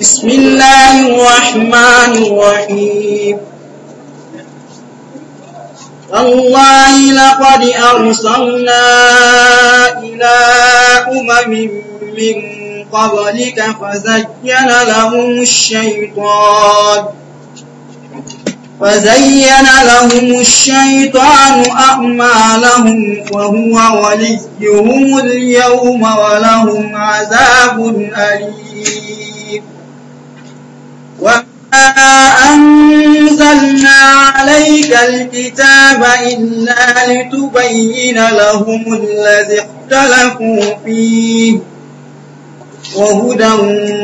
بسم الله الرحمن الرحيم والله لقد أرسلنا إلى أمم من قبلك فزين لهم الشيطان فزين لهم الشيطان أعمالهم وهو وليهم اليوم ولهم عذاب أليم وما أنزلنا عليك الكتاب إلا لتبين لهم الذي اختلفوا فيه وهدى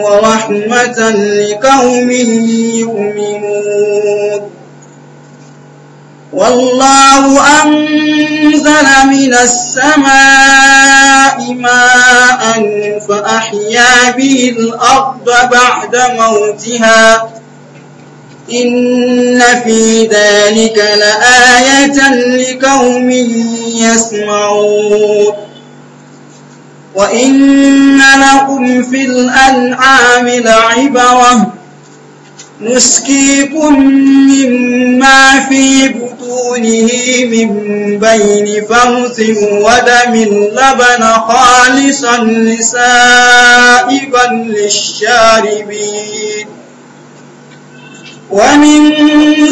ورحمة لقوم يؤمنون والله أنزل من السماء ماء فأحيا به الأرض بعد موتها إن في ذلك لآية لقوم يسمعون وإن لكم في الأنعام لعبرة نسقيكم مما في بطونه من بين فرث ودم لبن خالصا لسائبا للشاربين ومن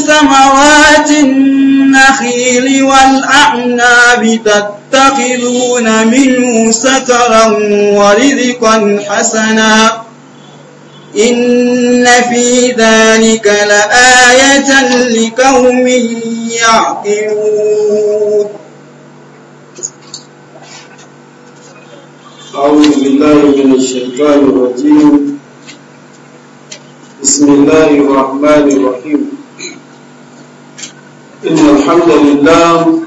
ثمرات النخيل والأعناب تتخذون منه سكرا ورزقا حسنا إن في ذلك لآية لقوم يعقلون أعوذ بالله من الشيطان الرجيم بسم الله الرحمن الرحيم إن الحمد لله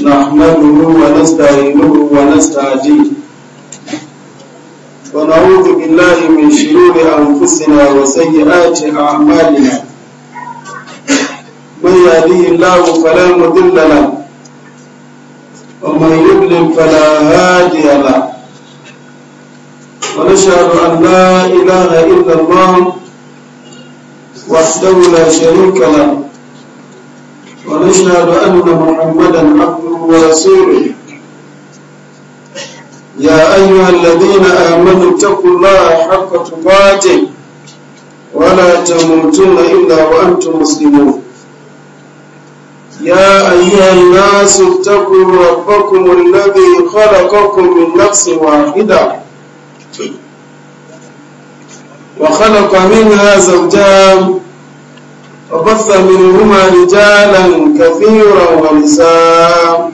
نحمده ونستعينه ونستهديه ونعوذ بالله من شرور أنفسنا وسيئات أعمالنا من يهديه الله فلا مضل له ومن يضلل فلا هادي له ونشهد أن لا إله إلا الله وحده لا شريك له ونشهد أن محمدا عبده ورسوله يا أيها الذين آمنوا اتقوا الله حق تقاته ولا تموتن إلا وأنتم مسلمون يا أيها الناس اتقوا ربكم الذي خلقكم من نفس واحدة وخلق منها زوجان وبث منهما رجالا كثيرا ونساء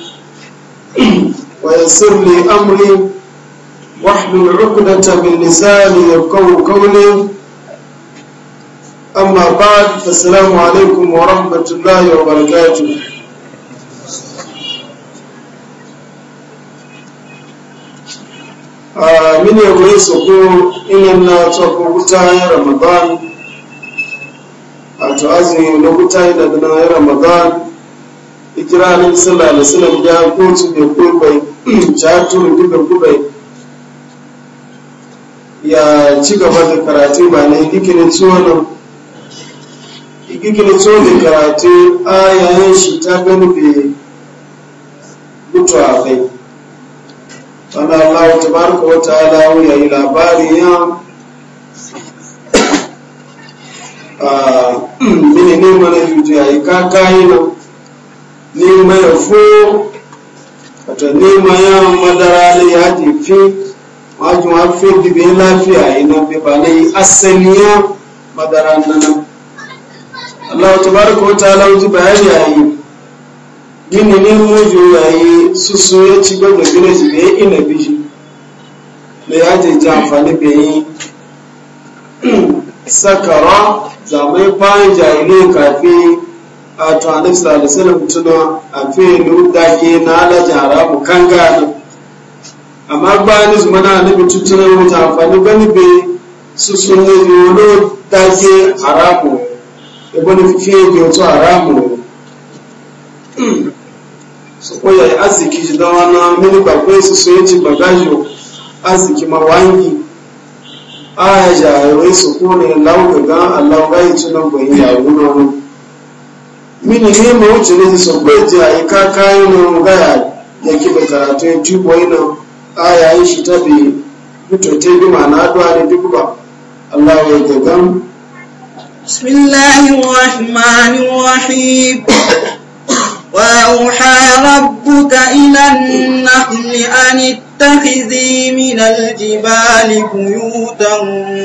ويسر لي أمري واحلل عقدة من لساني يفقه قولي أما بعد فالسلام عليكم ورحمة الله وبركاته من يقول سقول إننا تفوتها رمضان أتعزي لقطة إلى رمضان ikira alim sallallahu alaihi wasallam da kotu da kurbai chatu duka kurbai ya ci gaba da karatu ba ne gikini tsohon gikini tsohon da karatu a yayin shi ta gani bai mutu a kai wanda Allah ta baraka wata alawu ya yi labari ya a mene ne mana yuju ya yi kakayi na. nema ya fo wato nema ya madara da ya jefi wajen wafe dibe lafiya ina bi ba na yi ya madara nan Allah ta baraka wa ta'ala wajen bayani ya yi gini ne mojo ya yi su su ya ci gbogbo gina ji bai ina bi bishi da ya jeji amfani bai yi sakara zamai bayan jahilai kafin a to annabi sallallahu alaihi wasallam tuna a fe da ke na la jara mu kanga na amma ba ni zuma na annabi tutuna mu ta amfani bani be su sun ne yo da ke haramu e bani fe ke to haramu so ko ya aziki ji dawa mini ba ko su so yaji bagajo aziki ma wangi aya ya yo su ko ne lauga ga Allah bai tunan bai ya wuna mini ne ma wuce ne su gwaji a yi kakayi na gaya ya ke da karatu ya tubo yi na a yayin shi ta bi mutote bi ma na addu'a ne duk ba Allah ya yi gagan bismillahir وأوحى ربك إلى النحل أن اتخذي من الجبال بيوتا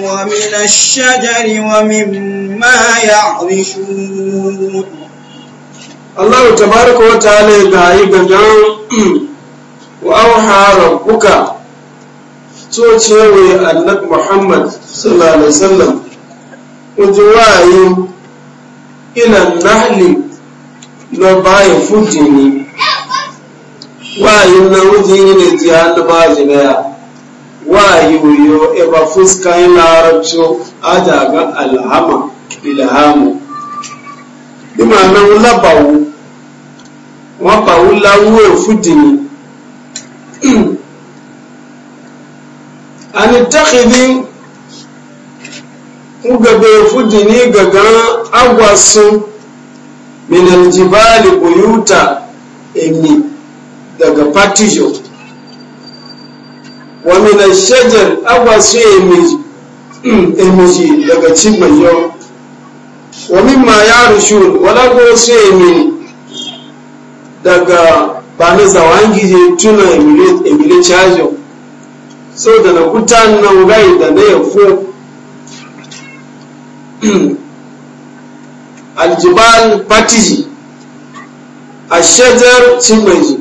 ومن الشجر ومما يعرشون Allah tabaraka wa ta'ala ga yi gangan wa auha rabbuka so cewa annabi Muhammad sallallahu alaihi wasallam kuji wayi ila nahli na baya fujini wayi na wujini ne ti alba jinaya wayi yo e ba fuska ina arabcho aja ga alhama ilhamu bí màá náwó lábàwò wọn bàwó láwó èfúdìní àni tẹ́kìdí ń gẹ̀bẹ̀ èfúdìní gàgán agwasun minaljibali buyuta èmi daga patijo wa minashajar agwasun èmi daga cigbayon ومما يعرشون ولا قوسي من daga ba na zawangi je tuna emile cajo so da na kuta na gai da na yafo aljibal patiji a shajar cimaji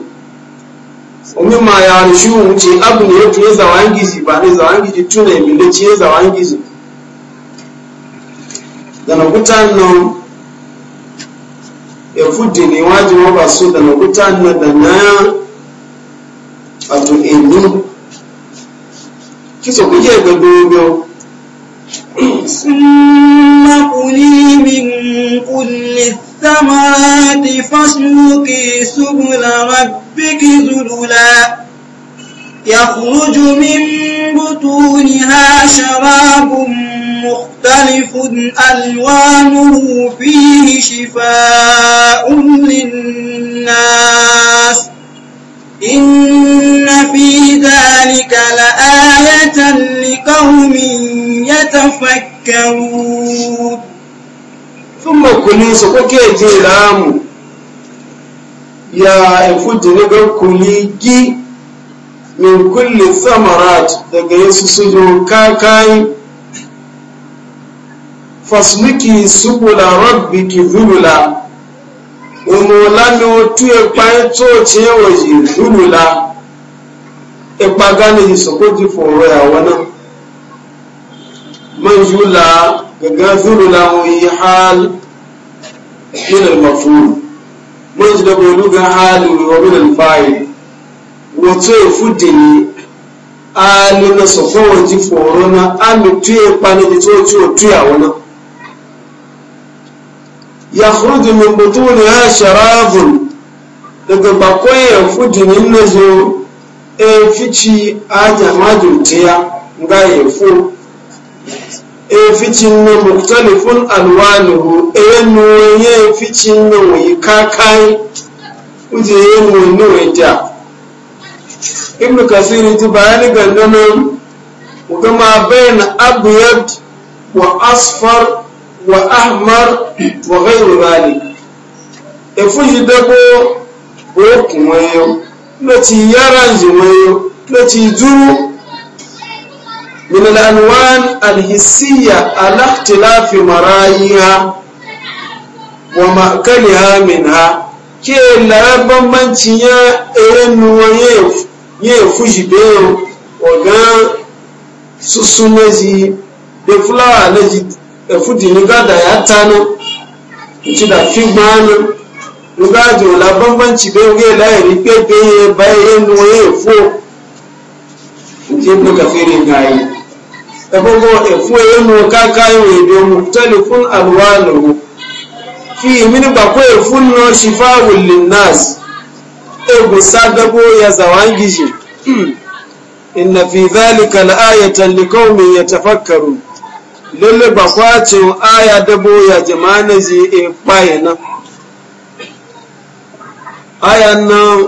omi ma ya rushe wuce abu dana kutan nan ya fudi ne wajen ba dana kutan nan da enu kisa kuke ga dogo ثم كلي مختلف ألوانه فيه شفاء للناس إن في ذلك لآية لقوم يتفكرون ثم كلي سكوكي جيرام يا إفوت نقر كلي من كل الثمرات دقيس سجو كاكاي fasluki subula rabbiki zulula omolami otu ipa tsoci ewoyi zulula ipa gani isokoji foro yawo na man yula gaga zulula yi hal min al-maf'ul man jida bolu ga hal wa min al-fa'il wato fudini ali na sofowo ji foro na ami tu ipa ni tsoci otu yawo na ya furuji min butuni ya sharabun daga bakwai ya fujinin na zo e fici aja majutiya ga ya fu e ficin na muktalifun alwanuhu e nuwaye ficin na wai kakai uje ya nuwaye nuwaye ja ibn kasiri ji bayani gandanan gama bayan abiyad wa asfar wa ahmar wa ghairu zalik efuji dabo okun wayo lati yaranji wayo lati duru min al-anwan al-hissiyya ala ikhtilaf marayiha wa ma'kaliha minha ke la bambanci ya erenu wayo ye fuji beyo de flower efudini gada ya tano nci da fi gbana nugaji wala bambanci bai wuge layari pepe ba bayan nuwa ya fo nci ibu kafirin gayi ebogo efo ya nuwa kaka yi wa ido muktalifun alwanahu fi mini bako efo nuwa shifa wulin nas egu sadabo ya zawangiji hmm. inna fi dhalika la ayatan liqaumin yatafakkarun Lele ba kwacin aya dabo ya jama'a zai e baya aya nan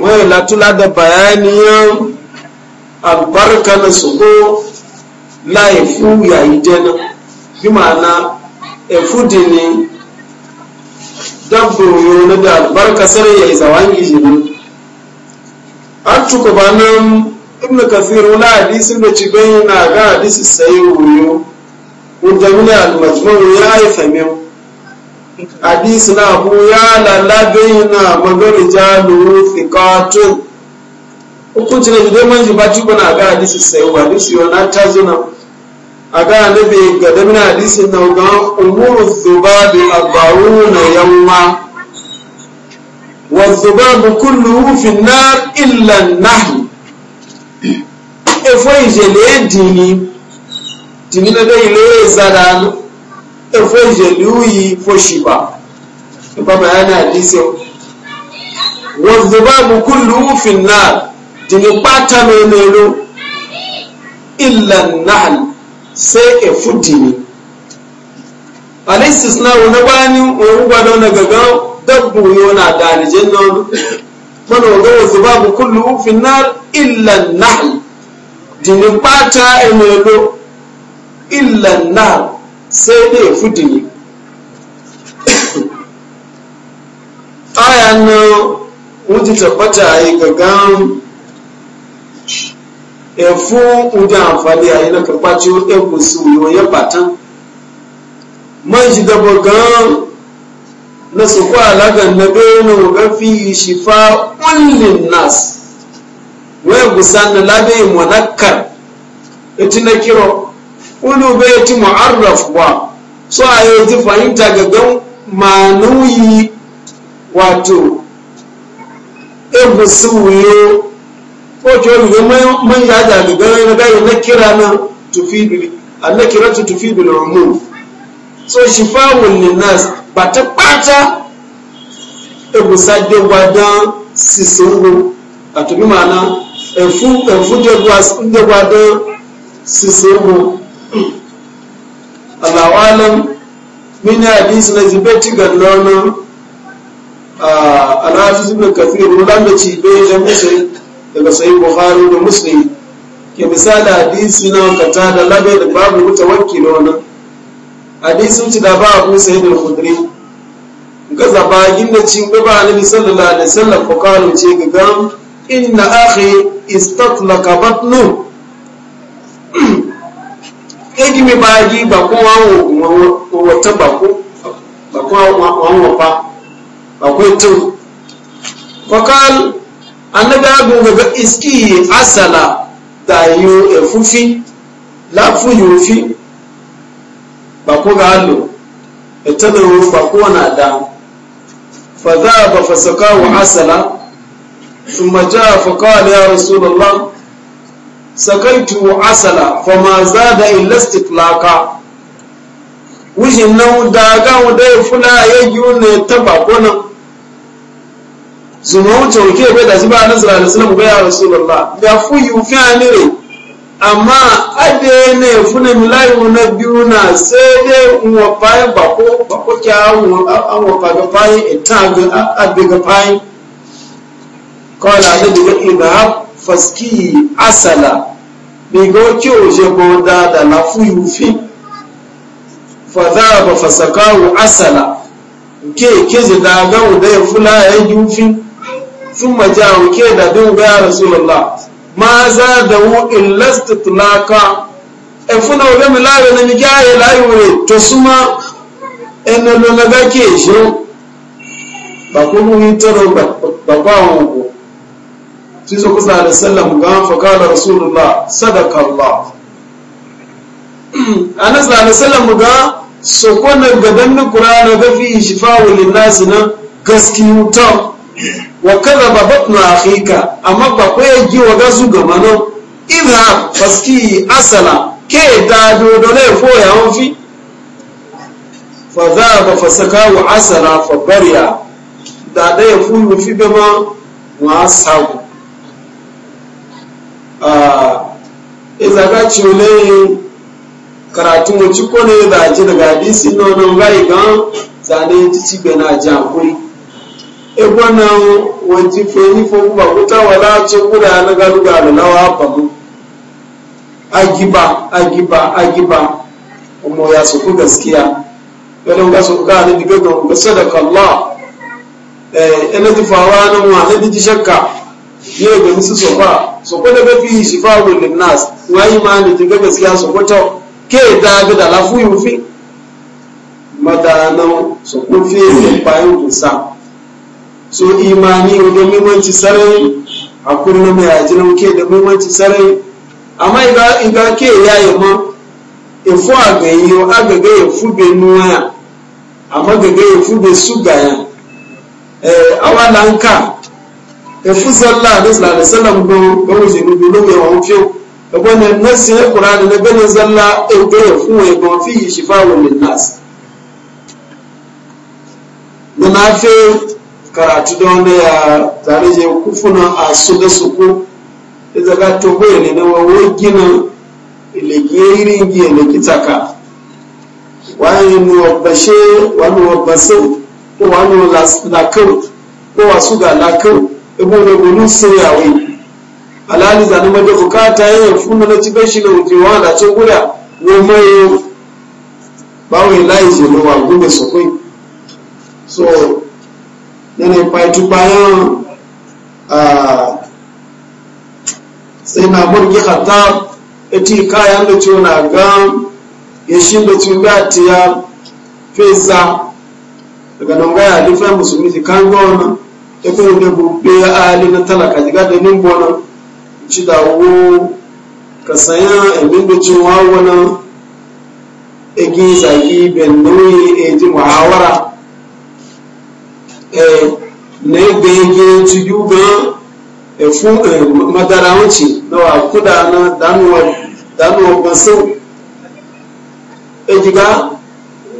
wani latula da bayaniyan albarka na su ko laifu e yi dena bi ma'ana efudi ne dabbobi na da albarka sarai ya yi zawangi jini an tuka ba ibn kafir wani hadisin da ci bayyana na ga hadisi sai wuyo wanda al majmu ya ay min hadisi na abu ya la bayyana magari jalu fikatun hukuncin da dai ji ba ci bana ga hadisi sai ba hadisi yana ta zuna a ga ga da mun hadisi na ga umuru al arba'una yawma والذباب كله في النار إلا النحل efo ìṣẹ̀lẹ̀ èdì ni tìmí lọ́dọ̀ ìlú ìzàdà efo ìṣẹ̀lẹ̀ yìí fòṣìbà nípa bàyánà àdíṣẹ́ wọ́n zọba bukú lùú fìnnà tìmí pátá mi lérò sai e dìní alexis náà wọn bá wani òun gbọdọ̀ nàgàgán dabbu yóò náà dàlìjẹ́ náà mọ́nà ọ̀gá wọ́n zọba bukú lùú fìnnà ilẹ̀ náà dini kpata emelo illan na sai ne fi dini aya na wuce ta kpata yi gagan efu wujen amfani a yi na karɓaci efu su yiwu ya batan man shi gaba gan na su kwa nabe na fi gafi shifa kullin nas wai gusan na labe munakkar iti na kiro ulu be ti mu'arraf wa so ayo ti fahimta ga gan manuyi wato egusi wuyo ko ki wani ga man ya da ga gan ga na kira na kira tufibil annakiratu tufibil umum so shifa'un linnas bata bata egusa de gbadan sisungu atumi ma'ana ẹ̀fú ẹ̀fú dẹ́gbà dán mu aláwọ̀ alam mini hadisi na zibeti ga nono alhafiz ibn kathir mulan da ci bai da musai daga sahih Buhari da muslim ke misali hadisi na kata da labe da babu mutawakkil wannan hadisin ci da ba abu sahih al-khudri gaza ba ginda ci ba annabi sallallahu alaihi wasallam ko kawo ce ga inna akhi istatlaqa batnu egi mi baagi bako wawo wata bako bako wawo pa bako tu fakal annabi agun ga iski asala da yo efufi la fu yofi bako ga lo etana wo bako na da fa dhaba fasakahu asala ثم جاء فقال يا رسول الله سقيت عسلا فما زاد إلا استطلاقا wujin nan daga wanda ya fula ya yi wani taba kona zuma wuce wuke bai da shi ba nasara da sunan bai yara su lalla da fu yi wufi a nire amma ade ne funa milayu na biyu na sai dai nwa bayan bako bako kya an wafa ga bayan ita ga abe ga bayan kọ́lá nídìí ìgbà fọ́síkì àṣàlà gbígbó kí ò ṣe bó dáadáa la fún ìwúfin fọ́dáàbọ̀ fọ́sàkáwò àṣàlà ke kéje dáadáa ò dáyẹ fúlá fún màjá ò ké ń gbáyà rasulọ́lá máa zádàwó ìlẹ́sìtìtìláka ẹ̀fúnà òbẹ́mi láàrin ní kí ààyè láàyè rẹ̀ tó súnmọ́ ẹnu bàkúrú àwọn òkú ti kusa da sallam ga fa kala rasulullah sadaka allah anas da sallam ga so ga na gadan na qur'ana ga fi shifa'u lin nas na gaskiyu ta wa kadhaba batna akhika amma ba ko yaji wa gasu ga manan idha faski asala ke da do do le fo ya on fi fa dhaba wa asala fa bariya da da ya fu fi bema wa sabu iza ga cule karatu ci ko ne da ji daga hadisi na wani gai gan zane ji ci gana ji hankuri ebo na wacce feni fo kuma kuta wala ce kuda na galu ga na wa ba mu agiba agiba agiba kuma ya su ku gaskiya wala ga su ga ne diga ga sadaka Allah eh ina ji fawa nan mu ne ji shakka yau da musu sofa sofa da gafi shi fa gulin nas wa imani kin ga gaskiya sofa ta ke da da lafu yufi madanan sofa fi yi bayan gusa so imani da mimanci sarai a kullum mai ajinin ke da mimanci sarai amma iga ke yi ma efu agayi o agaga efu fube nuwa amma gaga efu be sugaya eh awala nka efuzalla alisla da salam do ga wuce ni dole mai e e wa fiyo ga wannan nasi na ne, na ganin zalla in ga ya fuwa ya ga fi shifa'un lin nas na nafi karatu da wanda ya tare je kufuna a su da su ka da zaga to boye ne na wawo gina ilegiyeri giye ne kitaka wani ni wabbashe wani wabbasu ko wani lakau ko wasu ga lakau ibole gonu soyawi alali zanu maje bukata yayin funa na ci bashi na ujewa da ce guda wo mai bawo ilahi je so koi so yana pai bayan sai na burgi hatta eti kayan da ciwo na gan yashin da ciwo ga tiya fesa daga nan ga difan musulmi kan gona ta kan da buɗe hali na talaka diga da nin bonan ci da wo ka saya emin da cin wawana egi zagi ben nauyi eji muhawara e, na yadda yake ci yuga efu e, madara wuce na wa kuda na danuwa basau ejiga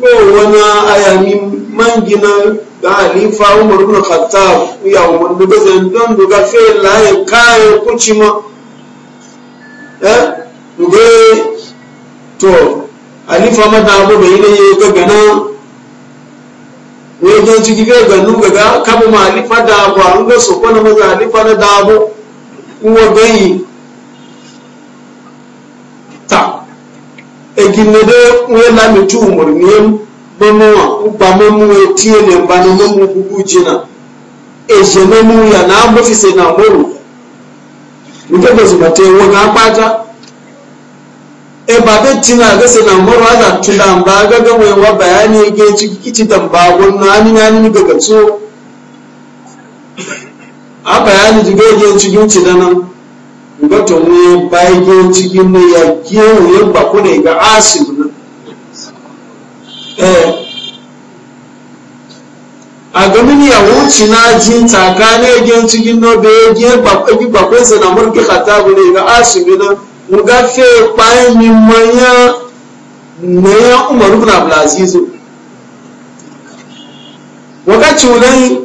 ko wani ayami mangina ga halifa umar bin khattab ya umar da zan don duga fe laye kai kucima. eh duga to halifa ma da abu bai ne ga gana ne ga ciki ga ganu ga ga kabu ma halifa da abu an ga so ko na halifa na da abu uwa gani ta egin ne da wani lamitu umar ne mamuwa ba mamuwa tiye ne ba na mamu bugu jina e je mamu ya na mafi sai na moro nke ba zuba ta yawa na bata e ba ta tina ga sai na moro da tuna ba ga ga mai wa bayani ke ci kici dan ba wannan ani na ni ga gatso a bayani diga ke ci ginci da nan ga to ne bai ke ci gin ne ya ke ya ba ko ne ga asim na a gamin ya na ji tsakanin egin cikin nobe egin bakwai na mulki khatabu ne ga asibi na mugafe bayan min manya na umar ibn abdulaziz wakati wulai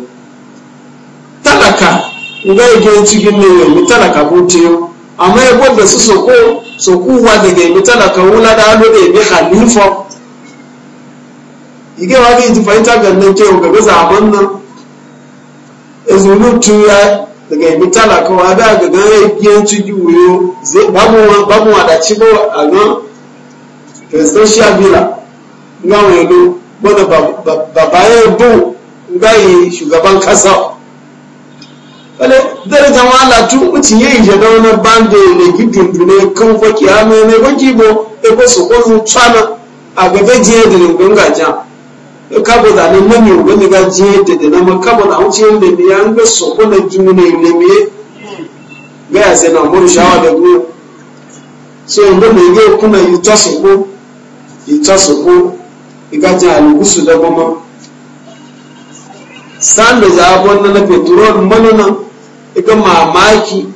talaka na egin cikin nobe mi talaka butiyo amma ya gwada su soko sokuwa daga mi talaka wula da alo da ya khalifa ike wa ga ji fahimta ga nan ke ga zaben nan ezulu ya daga yi mitala kan wa ga ga gan yayin ci juyo zai babu babu wada ci ba a gan presidential villa nga welo wanda baba ya bu nga yi shugaban kasa wale dare wala tu mutum ya yi jada wani bande ne gidin dune kan faki hannu ne ba gibo ebe su tsana a gaba jiya da ringun gajan kabo da ne mami wani ga je da da nama kabo na wuce da mi an ga so ko na juna ne mi ga ya sai na mun shawa da go so ndo ne ga kuna yi tasu ko yi tasu ko iga ja alugusu da goma san da za abon na petrol manana iga mamaki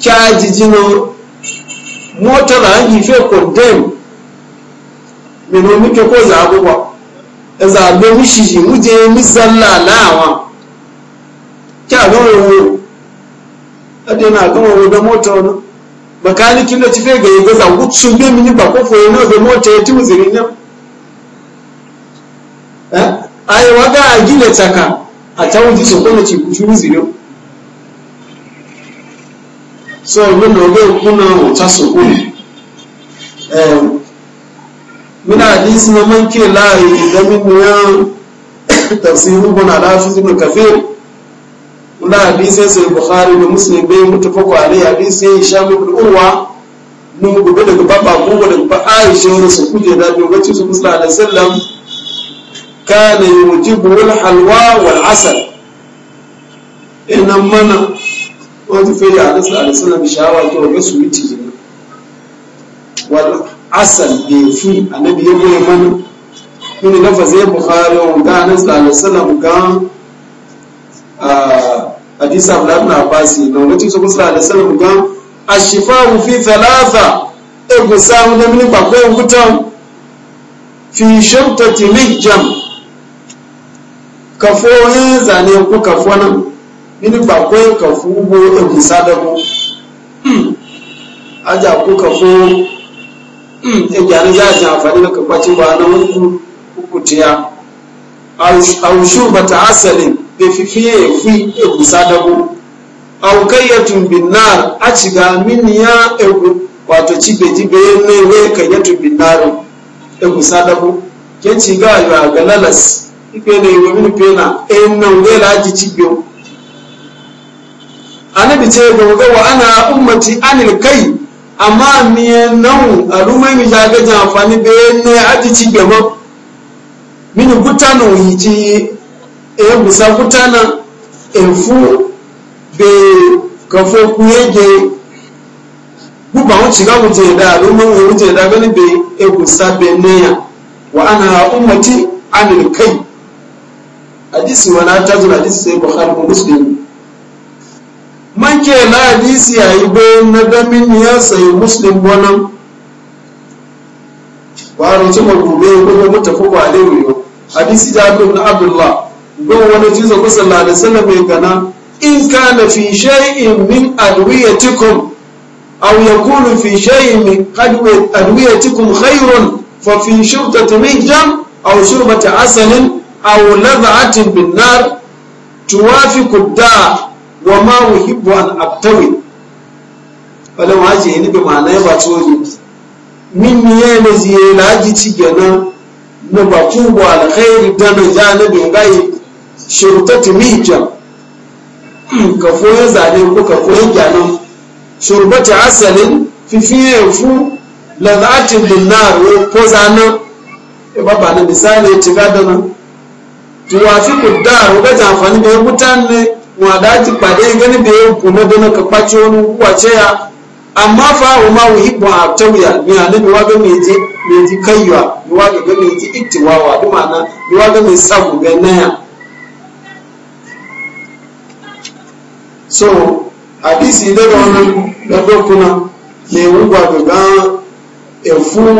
kyaji jino motar an yi fe condemn menomi ke ko za ba. ẹ̀zàgbé wíṣìṣì wúje mísàlá láàwọn kí àgbọ̀n wo ẹ̀dẹ̀ náà àgbọ̀n wo dán mọ́tò ọ̀nà mẹkáníkì ló ti fẹ́ gẹ̀yẹ́ gbèsè àwọn tún gbé mi nígbà kófò yẹn náà fẹ́ mọ́tò ẹ̀ tí mo sì rí yẹn. àyẹ̀wò gá àjílẹ̀ tsaka àtàwọn ti sọ̀kọ́ lè ti fi wúzi yẹn. sọ ọ̀gbọ́n náà ọgbẹ́ òkú wuta ọ̀tá muna hadisi na manke layi da muguyan tafsirin buna lafi ibn kafir muna hadisi sai bukhari da muslim bai mutu fako alai hadisi ya sha mu urwa mun gobe daga baba gobe daga ba aisha ne su kuje da bi wacce su musulma alaihi sallam kana yujibu wal halwa wal asal innan mana wata fiye da alaihi sallam shawa to ga su yi tijina wato asal bai fi annabi ya mai mana mini lafazin bukhari wa ga anan sallallahu ga hadisi abdullahi na abbas na wani su kusa da sallallahu ga ashifa fi thalatha go e, samu da mini bako wutan fi shabtati lijjam kafo yin zane ku kafo nan mini bakwai kafu bo ego sadabu hmm. aja ku kafo gyanu ya a amfani da kakwacin ba na wani kukuciya aushu ba ta asalin da fifiye fi egusa dabo aukayyatun binnar a ciga min ya egu wato cibe jibe ne we kayyatun binnar egusa dabo ke ciga yawa ga lalas ipe na iwe min pena en nan we laji cibe anabi ce ga wa ana ummati anil kai amma miyan nan alumai mi jaga jan amfani be ne aji ci gaba mini gutana yiji e musa gutana e efu, be kafo kuyege gbogbo àwọn tìga wùjẹ ẹdá alumai wọn wùjẹ ẹdá gani be e musa be neya wa ana ummati anil kai hadisi wani tajin hadisi sai bukhari muslim ke na hadisi ya yi bayan na damin ya sayi muslim wani ƙwarin cimar gobe ya kuma mutafi ba da yiwu hadisi da abin na abdullah don wani jizo kusa ladisala mai gana in ka na fi shay'in min adwiyatikum aw yakunu fi shay'in min adwiyatikum khairun fa fi shurtati mijam aw shurbati asalin aw lad'atin bin nar tuwafi da wa ma uhibbu an abtawi wala ma ce ni bi ma'ana ya ba tsoro min mi ya ne ziye laji ci gana na ba ku ba alkhairi da na ja na bi gai shurtati mi jam ka foye zane ko ka foye gyanan asalin fifiye fu ko e na misali ya ci gadanan tuwafi da ya wọn àdá ti pàdé igé níbi na lọ́dọ́nà kápá ya àmọ́ fáwọn máa wò hípò àtọ́wìyà ní alẹ́ mi wá bẹ́ mi ti mi ti kẹ́yọ̀ à mi wá bẹ́ mi ti ìtìwá wà sabu so àdìsí lẹ́nu ọ̀nà lọ́dọ̀ kùnà ní ga gbẹ̀gán ẹ̀fún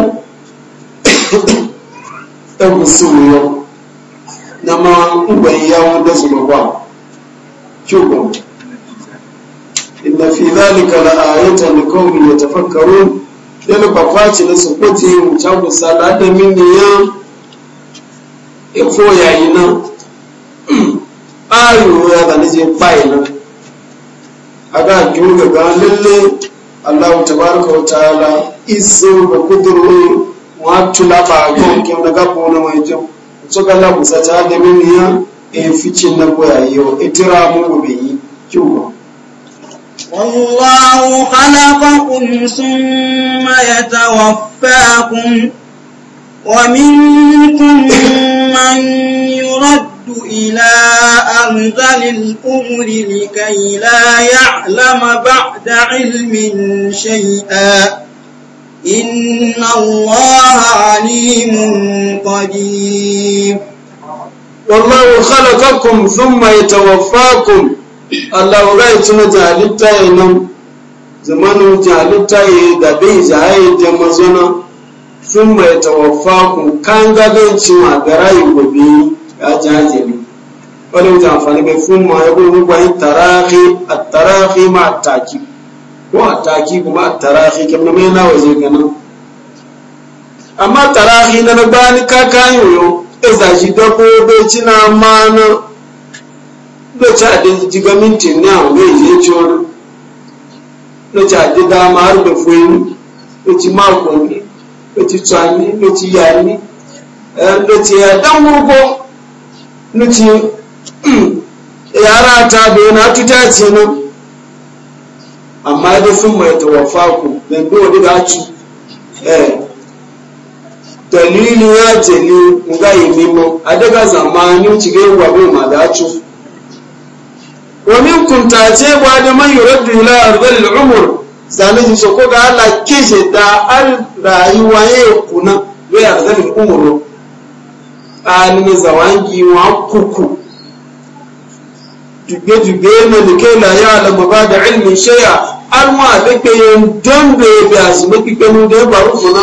ẹ̀gùn sí wòyọ. na ma ya gbẹ̀yìn yàwó dẹ́sùn شوفوا inna fi dhalika la ayatan liqaumin yatafakkarun dole ba na sokoti mu chagu sala da min ya e fo ya ina ayu ya da nije pa ina aga juga ga lalle Allah tabaraka wa ta'ala isu wa tula ba daga mai ta da ya efici na koyayo itira mu yi kyuwa والله خلقكم ثم يتوفاكم ومنكم من يرد إلى أرذل الأمر لكي لا يعلم بعد علم شيئا إن الله عليم قدير wallahu khalaqakum thumma yatawaffakum Allah ga tuna jalitta yanan zamanu jalitta ya da bai jaye da mazana thumma yatawaffakum kan ga bai ci ma garayi gobe ya jaje ni wani ta amfani bai thumma ya gobe ba tarahi at-tarahi ma at-taki ko at-taki kuma at-tarahi kamar mai nawa je ganin amma tarahi na bani kakayoyo ezaji dabbobi cina mana lokaci eh, na. ɗin jiga mintin ne a wuri ya ce wani lokaci a ɗin dama har da fuyi lokaci makonni lokaci tsani lokaci yani lokaci ya dan gurgo lokaci yara ata bai na tuta ce nan amma da sun mai tawafa ku don duwa da ci eh Dalilin ya jeli nga yi mimo adaga zamani ucige wabu madacu wamin kuntace wa da man yuraddu ila ardal umur zane ji soko ga Allah kishe da al rayuwa ya kuna ya ardal umur alimi zawangi wa kuku dubbe dubbe ne da kai la ya alamu ba da ilmin shaya an wa da kayan don da ya bi a su mafi kanu da ya faru kuna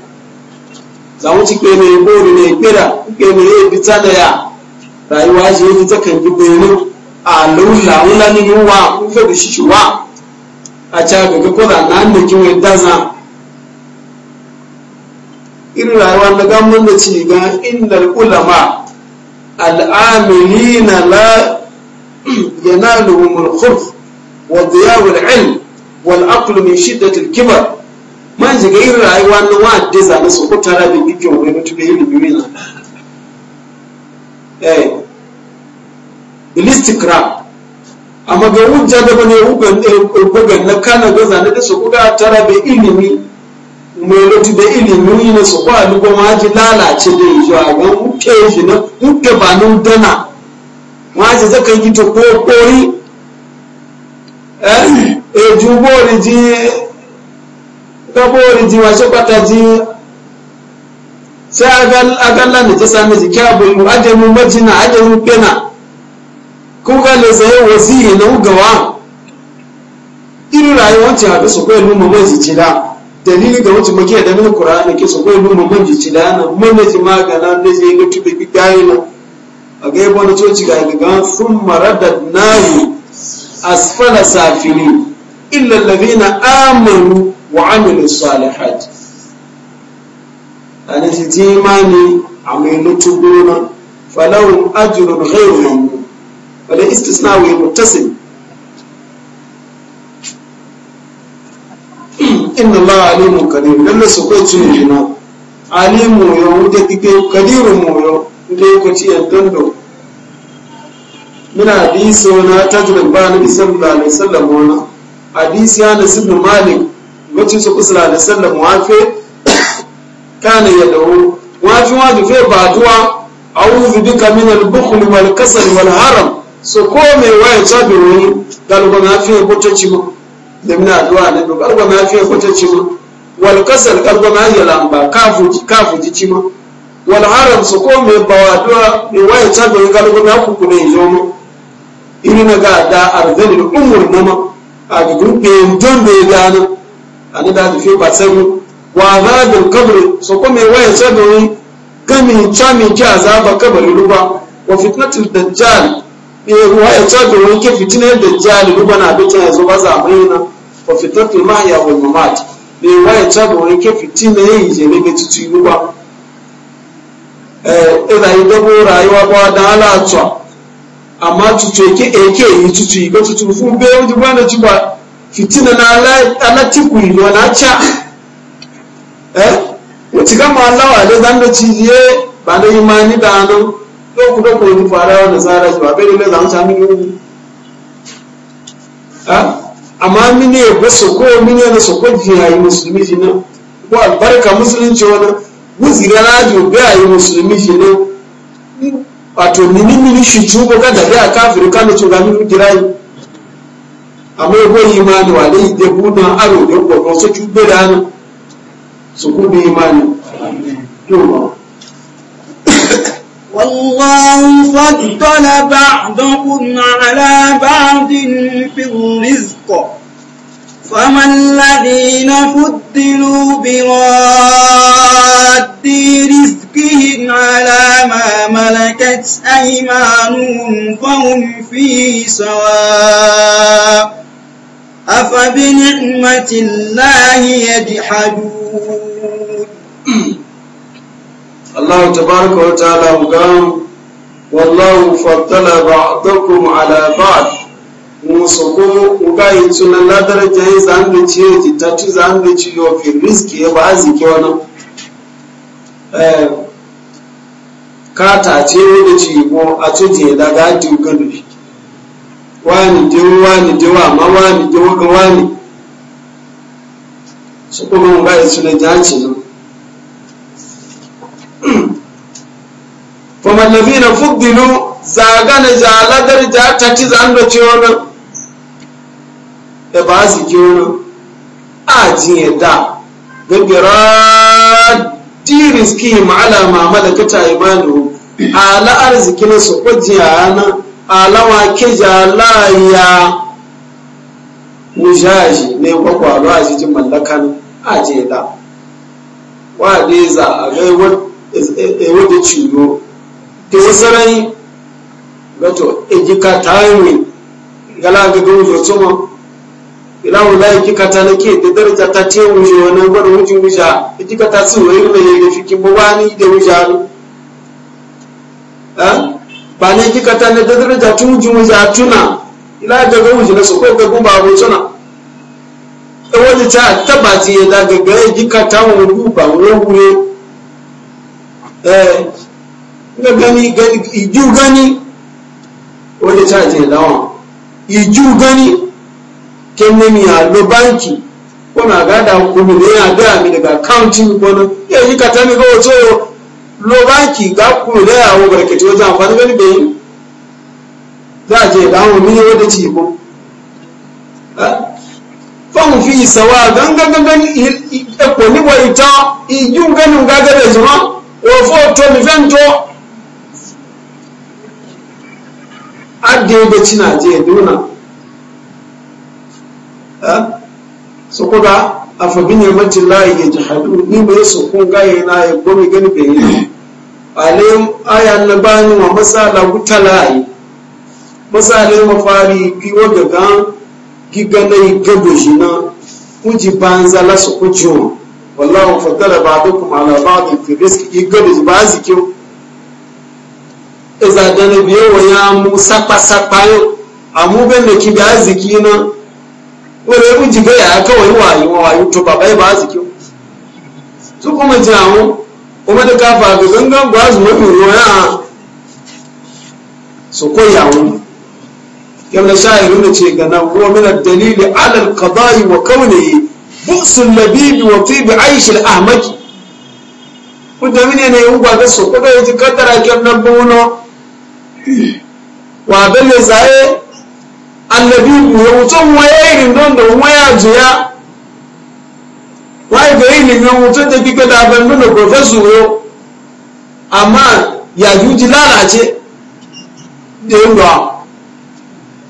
zamu ci kai mai gori ne kira kai mai yi bita da ya rayuwa shi yi ta kan ji bayanin a lulla wula ni yuwa kun fe da shi wa a ca ga ga koda na an da kiwon daza irin rayuwa na gamun da ci ga inda ulama al'amilina la yanaluhumul al-khurf wa diyaul ilm wal aql min shiddati al-kibar man shiga irin rayuwa na wadda zane su kuta tara da gikin wani mutu bai yi biyu na eh bilistikra amma ga hujja da bane ugan ugan na kana ga zane da su kuta tara da ilimi mai lati da ilimi ne su ba dugo ma ji lalace da yi a ga muke shi na muke ba nan dana ma ji zaka yi to ko kori eh e jubori ji kabori ji wace kwata ji sai agalla da ta sami ji kya bulmu mu majina mu pena kuka le zai wasihi na ugawa irin rayuwa ce haka su kwai numa majici da dalili ga wacce muke da kura qur'ani ke su ma numa majici da na mamaji magana ne zai ga tuba bi gayi na a ga yabo na coci ga ga sun a nahu asfala safili illa na amanu wa amilu salihat ani ti ti imani amilu tuguruna falahum ajrun ghayru mamnun wala istisna wa muttasil inna allaha alimun qadir lalle su ko tun jina alimu yo wuce kike kadirun mu yo inda ko ci yaddan do muna hadisi na tajrib ba nabi sallallahu alaihi wasallam wana hadisi ya nasibul malik lọ́tí su pé sílẹ̀ wafi? wọ́n á fẹ́ káàní yẹ̀dọ̀wó wọ́n á fi wọ́n àdìfẹ́ bàdúwà àwọn òfìdí kàmínà lùbùkùnlù wà lùkásàlì wà so kó mai wáyé tábì wọ́n gálùgbà máa fi ẹ̀kọ́ tó ci mọ́ lẹ́mìnà àdúrà nínú gálùgbà na fi ẹ̀kọ́ tó ci mọ́ wà lùkásàlì gálùgbà máa yẹ làǹbà káàfù jí ci mọ́ wà lùháràm so kó mai bàwà àdúrà irina ga da arzalin umur nama a gudun don da ya gano ani da fi ba sabu wa azabul qabr so ko me waya sabu gami chami ki azaba kabari ruba wa fitnatul dajjal me waye sabu ki fitnatul dajjal ruba na bi ta zo ba za mai na wa fitnatul mahya wal mamat me waye sabu ki fitnatul yije ne ke tutu ruba eh ina yi dabo rayuwa ba da halatwa amma tutu ke eke eh, yi tutu ko tutu fu be wuji ba na ci ba fitina na alatiku ilo na cha eh wuce gama allawa da zan da ye, ba da imani da hannu doku doku yi fara wani tsara shi ba bai da zan sami yi eh? amma mini ya ba soko mini na soko jiya yi musulmi shi nan ko albarka musulunci wani wuzira ji biya yi musulmi shi nan wato mini mini shi cubo kada biya kafiri kano cuga mini kirayi amma ya goyi imani wa dai da bunan aro da gwagwa su cube da hannun su kube imani والله فضل بعضكم على بعض في الرزق فما الذين فضلوا براد رزق حقهم على ما ملكت أيمانهم فهم فيه سواء أفبنعمة الله يجحدون الله تبارك وتعالى قال والله فضل بعضكم على بعض musogo ugayi tunan ladar jayi zambici ya ki tatu zambici yau fi riski ya ba arziki wani Eh, kata ce wani ko a tuje daga jinganu wani jin wani jiwa ma wani jiwa ga wani su kuma ga su na jaci nan kuma lafina fuddilu a jaladar da ta ci zan da ciwo nan da e ba su kiwo nan a ji da gabira ti riski ma'ala ma malakata imanu ala arziki na su a na alawa ja laya mujaji ne kwakwalo a jijin mallakan ajeda wa ne za a ga ewo da ciwo ta sarai gato ejika yi gala ga gudu da ilawo lai kikata na ke da daraja ta ce wuce wani gwada wuce wuce da kikata su wani mai da fiki bubani da wuce ba ne kikata na da daraja ta wuce wuce a tuna ila gaga wuce na su ko gaga ba abu tuna ta wani ta tabbati ya da gaga ya kikata wani duba wani wuri ga gani iju gani wani ta ce lawan iju gani kenne mi a lo banki kɔmi a ka da kumi ne a bɛ mi daga kaunti ko kɔnɔ e yi ka taa mi k'o to lo banki ka kumi ne a wo bɛrɛ kɛ cogo jan fani bɛ za a je ka mi ye ci ko fɛnw fi sawa ganga gangan ekɔ ni wa ita iju gani ga gɛrɛ zuma o fɔ to mi fɛn to a ci na je duna. su kuga a fabi nematin layi ya jihadu ni ba su kun gaye na ya gomi gani bai yi alim aya na bani wa masala wuta layi masala ma fari kiwo ga gan giga na yi gado shi na kuji banza la su kuji wa wallahu fatala ba dukkan ala ba da fi riski yi gado shi ba zikin iza da biyo wa ya mu sapa sapa yau amu ben da ki bi arziki na wọ́n ya kuji gaya kawai wayi wayi to ba bai ba su kyau su kuma jawo kuma da kafa ga gangan ba mafi ruwa su koyawo yamma sha'iru da ce ga nan huwa min ad-dalili 'ala al-qada'i wa kawnihi bu'su al-labib wa tib 'aysh al-ahmaki kuda mine ne yin gwa ga su kuda yaji nan annabi ya wa ya yi rindon da ya jiya wai ga ilimin mutum da kika da abin nuna profesoro amma ya yuji lalace da yin da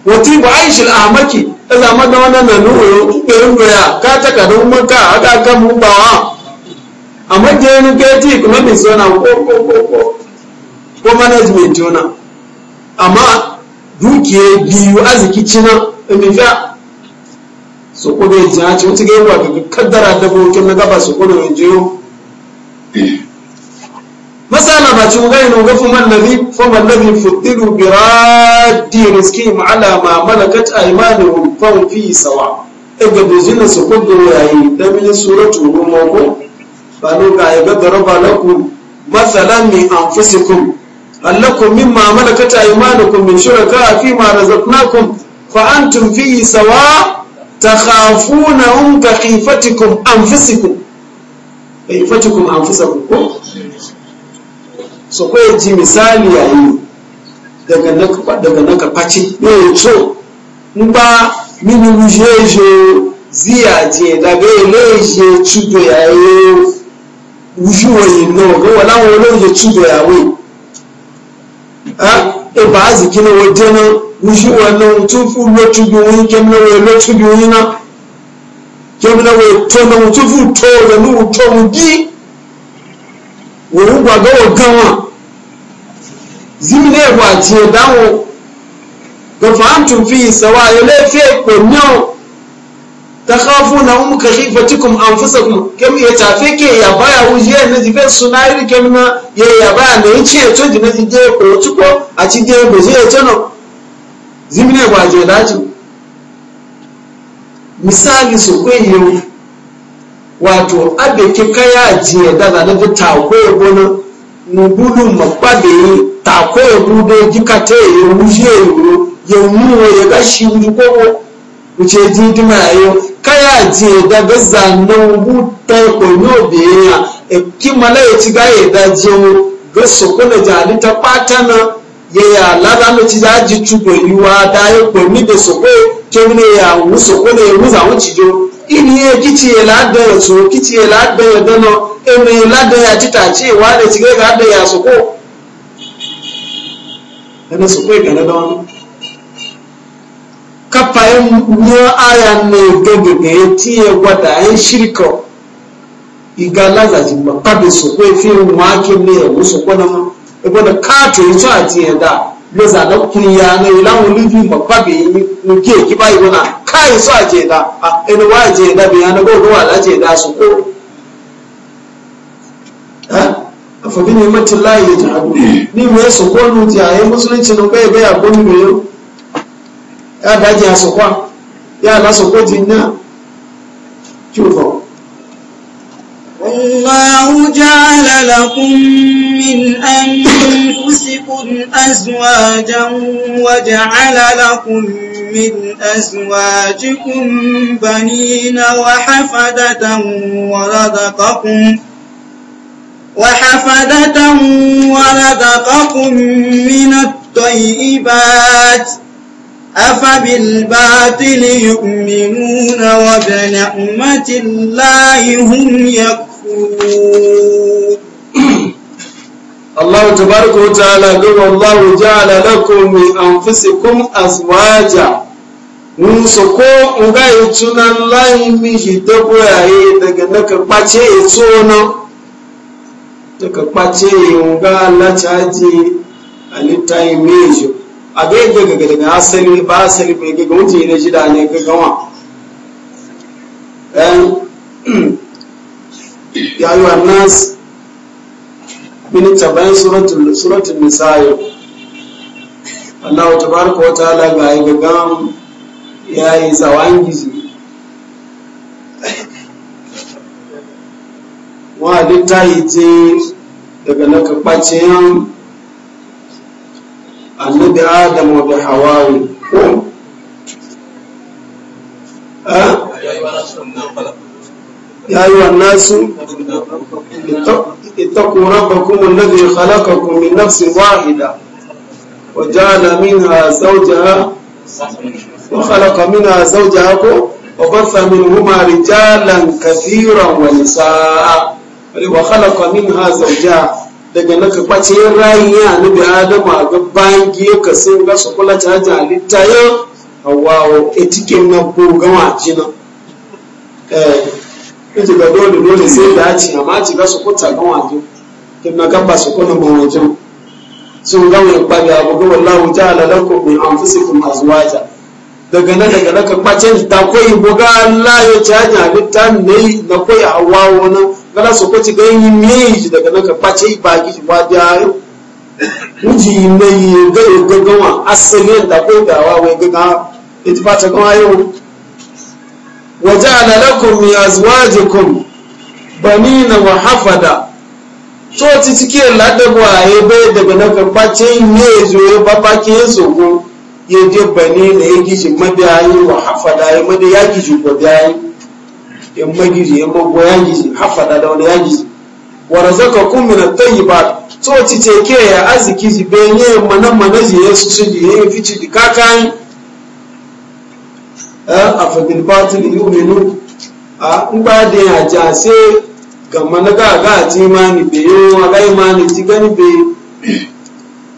wati ba shi al'amaki ta zama da wannan na nuhu da yin da ka ta ka don maka haka kan mubawa amma nuka ya gati economics yana ko ko ko ko ko management yana amma dukiya biyu arziki cina mifiya su kudu ya jina ce wata gaiwa daga kaddara da bukin na gaba su kuma ya jiyo masana ba ci gaino na fuman nabi fuman nabi fuddiru bi raddi riski ma'ala ma malakat aymanuhum fa hum fi sawa e da zina su kudu yayi da min suratu rumo ko ba ya ga ba na ku masalan mai amfisikun lakum mimma malakat aymanukum min shuraka fi ma razaqnakum fa antum fihi sawa takhafunahum ka khifatikum anfusikum khifatikum anfusakum so ko ji misali yayi daga naka daga naka pachi ne eh, so ngba mini ziyaje daga eleje tudo yayo wujuwa yino wala wala wujuwa yawo E ba arziki na waje na wushi wannan tufu lotu bi wani kem na wai lotu bi wani na kem na wai to na tufu to da mu to mu gi wo gwa ga gan wa zimi ne gwa da dawo ga fa antum fi sawa yele fe ko nyo ta kafu na umu ka hifa cikin an fusa ku kem ya tafe ya baya wuje na jibe suna iri kem na ya ya baya na yi ce to jina jide ko ciko a ci de ba je ce no zimine ba je daji misali su kai yau wato abe ke kaya jiye da da da ta ko gona nubulu makpabe ta ko gude jikate ya wuje yo ya mu ya gashi wuko wuce jidima yau kaya je daga zanen hutar kwanyo biyayya e kima laici ga ya daje mu ga su kula jali ta fata na ya ya lada na ci daji tubo yiwa da ya kwanni da su kai kemne ya wusu kula ya wuza wuci jo ini ya kici ya lada ya so kici ya lada ya dano ene ya lada ya ci tace wa da ci ga lada ya su ko dana su kai ga lada wani kafayen ya aya ne gaga ya tiye gwada yan shirka iga lazaji ba kabe su ko fi ake ne ya musu gwada ma gwada kato ya ta tiye da ya zana ya na ila wani bi ba kabe yi nke ki bai gona kai su a je da a ina wa je da biya na gogo wa la je da su ko a fa bi ne matillahi ya jahadu ni me su ko nu ti ayi musulunci no kai ga ya yau. ya baji ya sokwa ya la sokwa jinna kyoto wallahu ja'ala lakum min anfusikum azwajan wa ja'ala lakum min azwajikum banina wa hafadatan wa radaqakum وحفدتهم أفبالباطل يؤمنون وبنعمة الله هم يكفرون الله تبارك وتعالى قال والله جعل لكم من أنفسكم أزواجا Musuko nga itunan layin mishi ta buraye daga naka kpace ya tsono, ta kpace ya nga lati a littayin mishi a ga yadda gaga daga asali ba asali bai gaga ne, na shida ne gagawa ya yi wa nas minita bayan suratun nisa'i Allah ta baraka wata ala ga yi gaga ya yi tsawon gizi wa duk ta yi ce daga na kakpacin annabi بآدم wa bi hawawi ko ha اتقوا ربكم الذي خلقكم من نفس واحدة وجعل منها زوجها وخلق منها زوجها وبث منهما رجالا كثيرا ونساء وخلق منها زوجها daga na ka kwace yin rayin ya nabi adamu a gaban ya ka sai ga su kula ta hajji halitta ya hawawo etikin na ko gama jina eh e ita ga dole dole sai da ci amma ci ga su kuta gama jina kin na gaba su kuna mawajin sun gama yin kwaga abu ga wallahu ta'ala lakum min anfusikum azwaja daga na daga na ka kwace ta koyi buga Allah ya ci hajji halitta ne na koyi hawawo nan kala su kwaci ga yin meji daga nan ka kwace ba gishi ba da yau wuji mai ga gaggawa asali da ko gawa wai gaga ita ba ta gawa yau waja'ala lakum min azwajikum banina wa hafada to ti cike ladabwa ya bai daga naka ka kwace ne ya babake ya ko ya je banina ya shi mabiyayi wa hafada ya madayi shi ko godayi yan magiji yan gbogbo ya gizi hafa da wani ya gizi wa razaka kun min at-tayyibat so ti ke ya aziki ji benye mana mana ji ya su ji yi fici di kakan a fabil batil yu'minu a n ba de ja se ga mana ga ga ti ni be wa ga ni ti gani be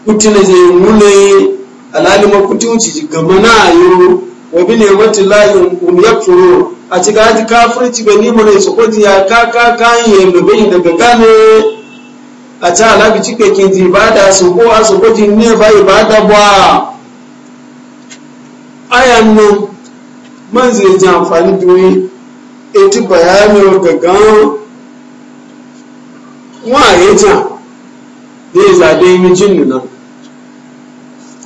kutina je mune alalima ji ga na yi wa bi ne matillahi um yakfuru a ci gaji kafirci ga nima ne su kwaji ya kaka kanye da bai daga gane a ci alabi cike ke ji ba da su ko a su kwaji ne yi ba da ba ayan nan man zai ji amfani doyi eti bayani wa gan wa ya ja zai zade yi mijin nan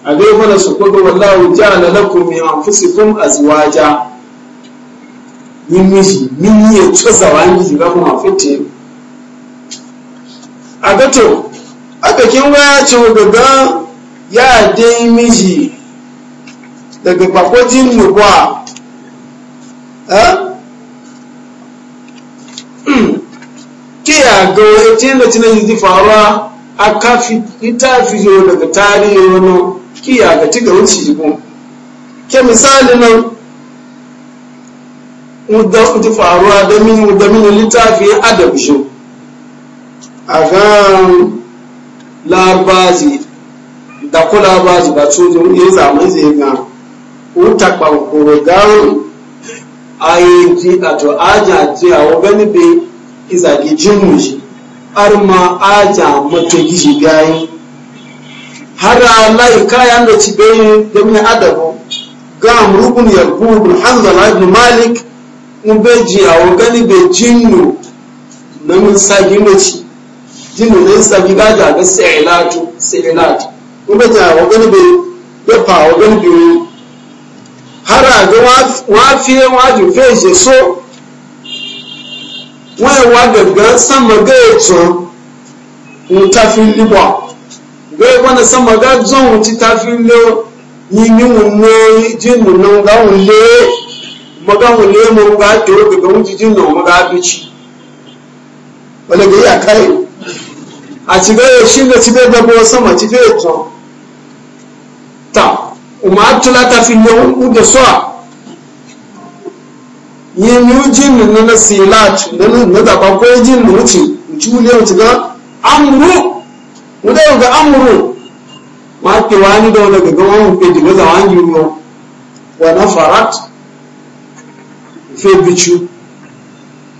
a gaifar su kwaga wallahu ja'ala lakum min anfusikum azwaja ni miji ni niye tsoza wangi ga mu afite agato aka kin waya ce gaga ya dai miji daga bakwajin nubuwa ke ya ga wajen da cinan yi faruwa aka fita ita fiye daga tarihi wani ki ya ga tiga shi jibo ke misali nan mudan ti faruwa da mini mudan mini littafi adab a kan um, labazi da ku labazi ba cojin yi eh, zaman zai ga wuta kpankuru garu a yi ji a to aja ji a wani bai izagi jinmu shi har ma aja mata gishi gayi har a layi kayan da ci bai da mini adabu ga rukun yarbu bin hanzala ibn malik mbeji a gani be jinnu na mun sagi mace jinnu na sagi gaja ga sa'ilatu sa'ilatu mbeji awo gani be dafa awo gani be har a ga wafiye waju feje so wọ́n wá gẹ̀gẹ́ sàmọ́gá ètò ntafi libọ̀ bẹ́ẹ̀ wọ́n sàmọ́gá zọ́ọ̀hún títafi lé yìí ní wọn ní jínú ga gáwọn lé. maga mu nemo ga to ga mu jijin no maga bici wala ga ya kai a ci ga shi ga ci da bo sama ci fe to ta umma tula ta fi no u da so yi mu jin no na silat no no da ba ko jin no ci jule mu ci ga amru mu da ga amru ma ke wani da wani ga gawan mu ke diga zawan yi wa farat. febicu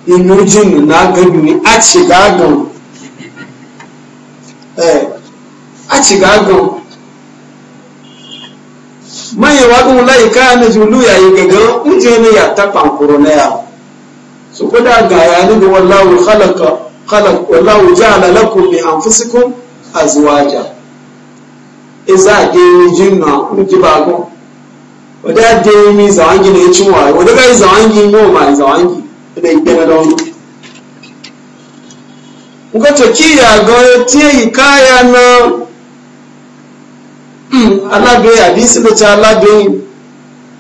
inujin na gabini a cigagan eh, a cigagan manyan waɗin layi kayan na julu yi gaga uje ne ya ta kwankuro na yawo su kuda ga yani da wallahu khalaqa khalaq wallahu ja'ala lakum bi anfusikum azwaja iza ke jinna kun ji ba go. wadda da yi mi zawangi da ya ci waye wadda ga yi zawangi yi ma mai zawangi da ya gana da wani kuka toki ya ga tiye yi kaya na alabe hadisi da ta alabe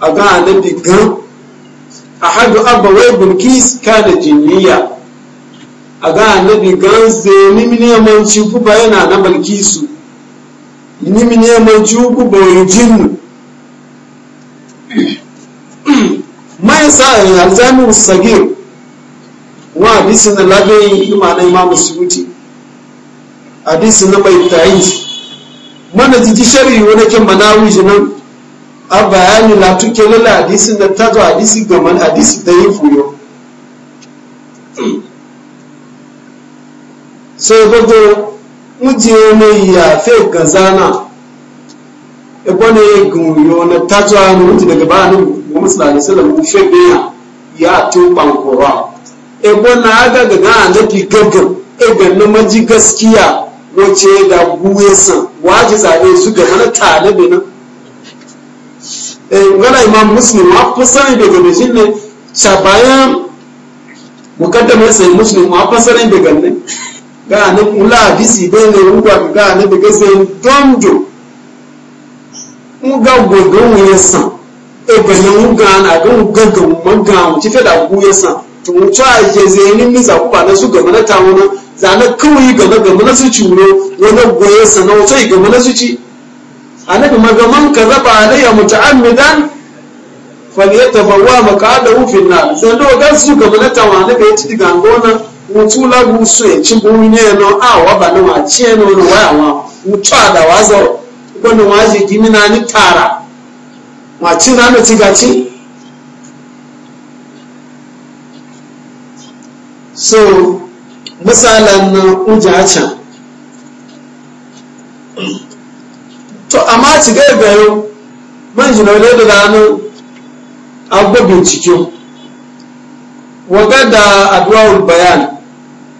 a ga annabi gan a hadu abawai bulkis kana jiniya a ga annabi gan sai ni mini yamanci kuba yana na balkisu ni mini yamanci kuba yi jinnu alzami sagir wa hadisi na labe imana imamu subuti hadisi na mai tayi mana jiji shari'i wani kin manawi jinan a bayani latuke lala hadisi na tazo hadisi gaman hadisi da yi fuyo sai gbogbo mujiye mai yafe gazana ebe ne gunyo na tazo hannu daga ba hannu musulani sallam ufe biya ya tuban kura ebo na aga gaga annabi gaggan ebe na maji gaskiya wace da buwe san waje zabe su ga hana tare da nan eh gana imam muslim wa fasari daga da jinne shabayan mukaddamar sai muslim wa fasari daga nan ga annabi ula hadisi bai ne ruwa ga annabi gaskiya dondo mu ga gogon yasan egbẹ̀lẹ̀ ń gan àdéhùn gangan mọ́ gan àwọn tí fẹ́dà kú yẹ sàn tòun tó àyẹ̀zẹ̀ ní mísà kúpa náà sùn gàmọ́ náà wọn náà zànà kawai gàmọ́ gàmọ́ náà sùn wúlò wọn náà gbọ́ yẹ sàn náà wọ́n tó yìí gàmọ́ náà sùn ci. anabi magaman ka zaba alayya muta'ammidan falyatabawa maqadahu fi an-nar zando gan su gàmọ́ náà tàwọn anabi ya ci gangona su ya ci bumi ne no a wa ba na ma ci ne no wa wa mutu da wazo ko no waje na ni tara mà chữ nán là chữ gà chí so misalan na uja cha to amma ci ga gayo man jina ne da nanu abu bincike waga da adwa ul bayan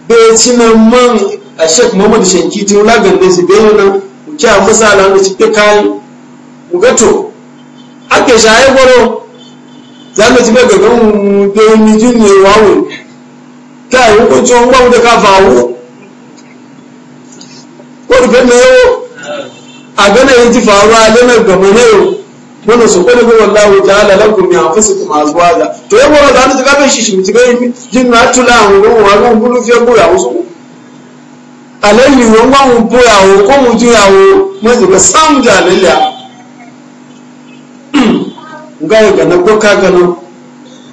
be ci na man a shek mamadu shanki tun lagar da su gayo na ku kya misalan da ci ta kayan ku gato ake ẹgbọ́rọ̀ zanu ti bẹ́ẹ̀ gẹ̀gẹ́ òun omi jù ní ìwà wò ká ìwé kó tí wọ́n gbọ́ wọ́n ká fà wò ó rí fẹ́ mẹ́wọ́ àgbẹ̀nà yìí ti fà wá lẹ́nà ìgbọ̀mọ̀ náà o wọn sọ pé nígbà wọn láwùjọ ta ala lọ́kùn mi àwọn fẹsẹ̀ tó máa gbọ́ àgbà tó yẹ kó wọn zanu ti ká bẹ́ẹ̀ ṣiṣì mi ti bẹ́ẹ̀ jìnnà àtúlẹ̀ àwọn olóhùn àwọn olóhùn fẹ́ bóyá àwọn sọ alẹ́ ìlú wọn gbọ́ wọn bóyá àwọn gai ga na goka gano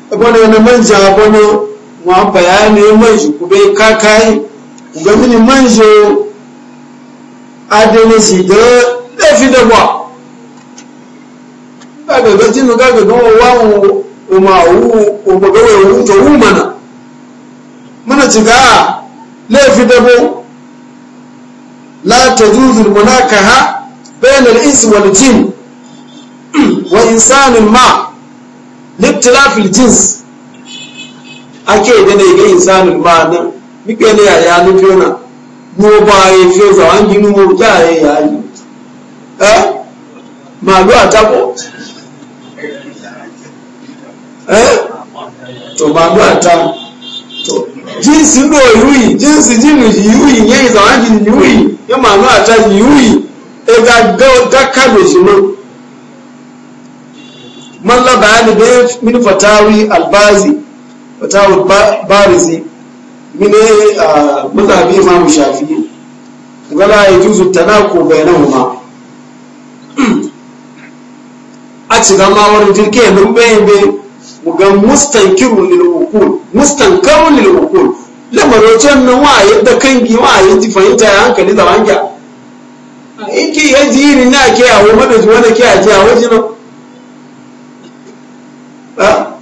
bane na manja bane wa bayani manji kube kakai ga mini manjo adene si da da fi da ba ba da tinu ga ga wa wa ma wu o ba ga wa to wu mana mana tiga la fi da bo la tajuzu munakaha bayna al ins wal jinn وإنسان ما لاختلاف الجنس ake da ne ga insanin ba nan muke ne ya ni fiona mu ba ya fiyo za an ginu mu ta ya ya yi ma to jinsi ndo yui jinsi jinu yui ye za an ya ma lu atako yui e ga ga ka man la bayani be min fatawi albazi fatawi barizi min ah, mazhabi imam shafi'i wala yajuzu tanaqu bainahuma a cikin mawar jirke mun bayyane mu ga mustankirun lil uqul mustankarun lil uqul lamarocin nan wa yadda kangi wa yaji fahimta ya hankali da wanka in ki yaji irin na ke yawo mana zuwa na ke aje a wajen to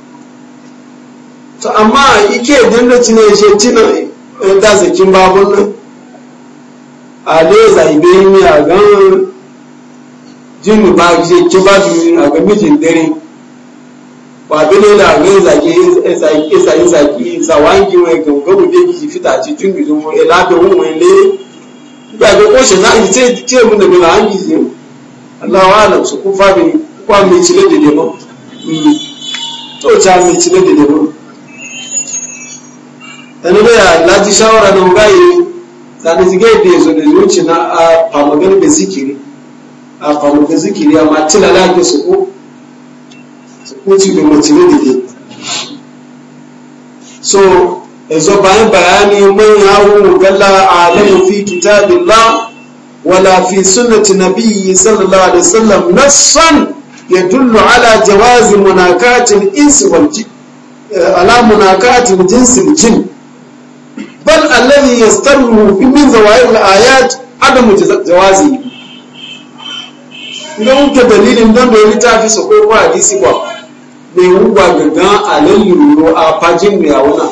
amma ike dinda cine ce tina da zakin babun nan a ne zaibe mi a gan jin ba ce ki ba bi a ga mijin dare ba bi ne da gan zaki zaki zaki zaki zawangi mai gangaru da ki fita ci tun gizo mu ila e da mu mai ne ba ga ko shi zan ce ce mun da bila an gizo Allah wa alam su kufa bi kwa mai cile da lemon to ca mai ci da daban ɗani da ya laji shawara na gaye zane ji gaye da ya zo da zuci na a famagar da zikiri a famagar zikiri amma tila lafi su ko su ko ci da mace da báyìí so yanzu bayan bayani man yawo galla alamu fi kitabillah wala fi sunnati nabiyyi sallallahu alaihi wasallam nassan يدل على جواز مناكات الإنس والجن على مناكات الجنس الجن بل الذي يستره من ظواهر الآيات عدم جوازه idan muke dalilin don da ya littafi su ko ba hadisi ba mai hugba gangan a lalluro a fajin mai wuna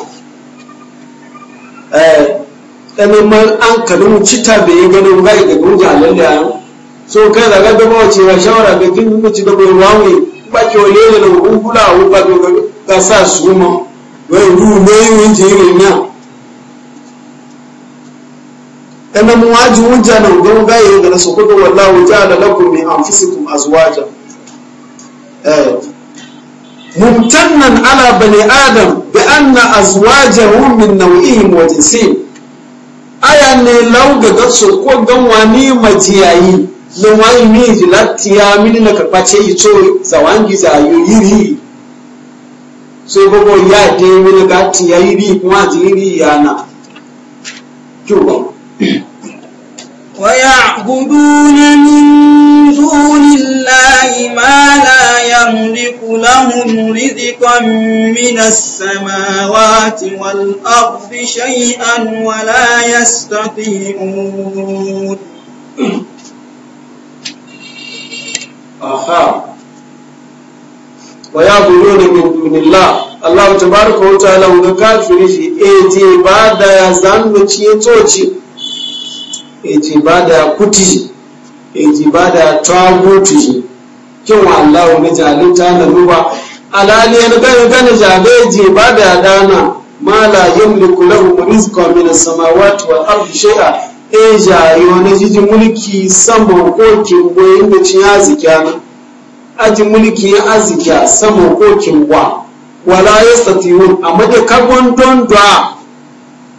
ɗanen an kanin cita bai yi ganin a so kai da gaba ba wace ba shawara da kin ci da bai wawe ba ki wale da ku kula ku ba ko ka sa su mu wai ru ne yin jiri na dan mu waji wujja nan don gaye da su kudu wallahi da lakum min anfusikum azwaja eh mumtannan ala bani adam bi anna azwajahum min naw'ihim wa jinsihim aya ne lauga ga su ko ganwani majiyayi zawangi minji lati ya mini na kakpace ito zawangi za yo yiri so gbogbo ya de mini ya yiri kuma ti yiri ya na kyuwa ويعبدون من دون الله ما لا يملك لهم رزقا من السماوات والأرض شيئا ولا يستطيعون aha wa ya buru Allahu min dunillah Allah tabaraka wa ta'ala ga kafiri shi eje ba da ya zanu ci toci eje ba da ya kuti eje ba da ya taguti kin wa Allah ne jalinta na ruwa alali ne ga ga ne jabe eje ba da ya dana ma la yamliku lahu rizqan min as-samawati wal ardi shay'a eja yi na jiji mulki sama kokin goyin inda cin azikya na aji mulki ya azikya sama kokin gwa wala ya satiyun amma da kabon don da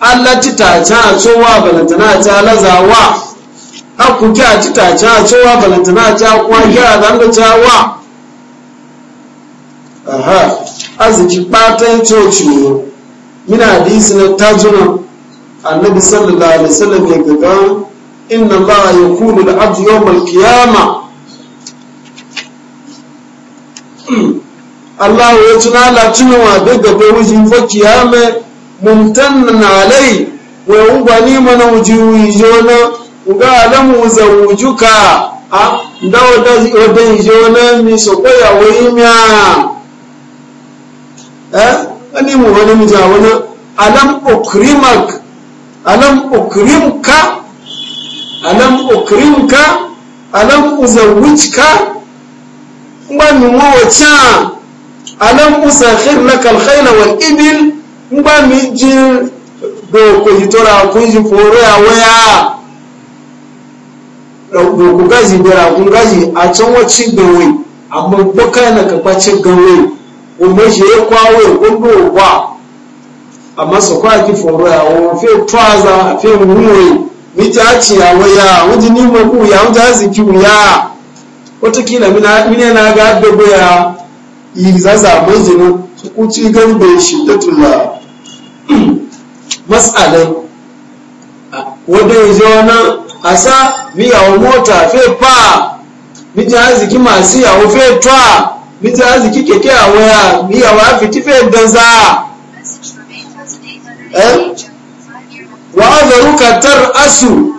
Allah ci ta ci a tsowa balantana ta lazawa haku ki a ci ta ci a tsowa balantana ta kuwa gyara zan da wa aha aziki ɓatan coci ne mina hadisi na tajunan annabi sallallahu alaihi wasallam ya gaga inna allaha yakulu al-abd yawm al-qiyama allah ya tuna la tuna wa daga ba wujin fa qiyama mumtannan alai wa ni mana wujuhi jona uga alamu zawujuka a ndawo da odan jona mi so koya wa imya eh ani mu wani mu ja wani alam ukrimak alam ukrimka alam ukrimka alam uzawwijka ngbanmi mo wacha alam usakhir laka alkhayla wal ibil ngbanmi jin do ko hitora ko ji foro ya waya do ku gaji bera ku gaji a can wacin gawe amma boka na ka kwace gawe o meje kwawe ko do wa amma su kwaki foro ya wo fe twaza fe muwe mitaci ya wo ya wuji ni mo ku ya wuji aziki ya watakila mina mina na ga dogo ya yi zaza mazinu su kuci gambe shi da tulla mas'alai wanda ya je wani asa mi yawo mota fe pa mi ti aziki masu yawo fe twa mi ti aziki keke yawo ya mi yawo afiti fe danza wa azaruka tar'asu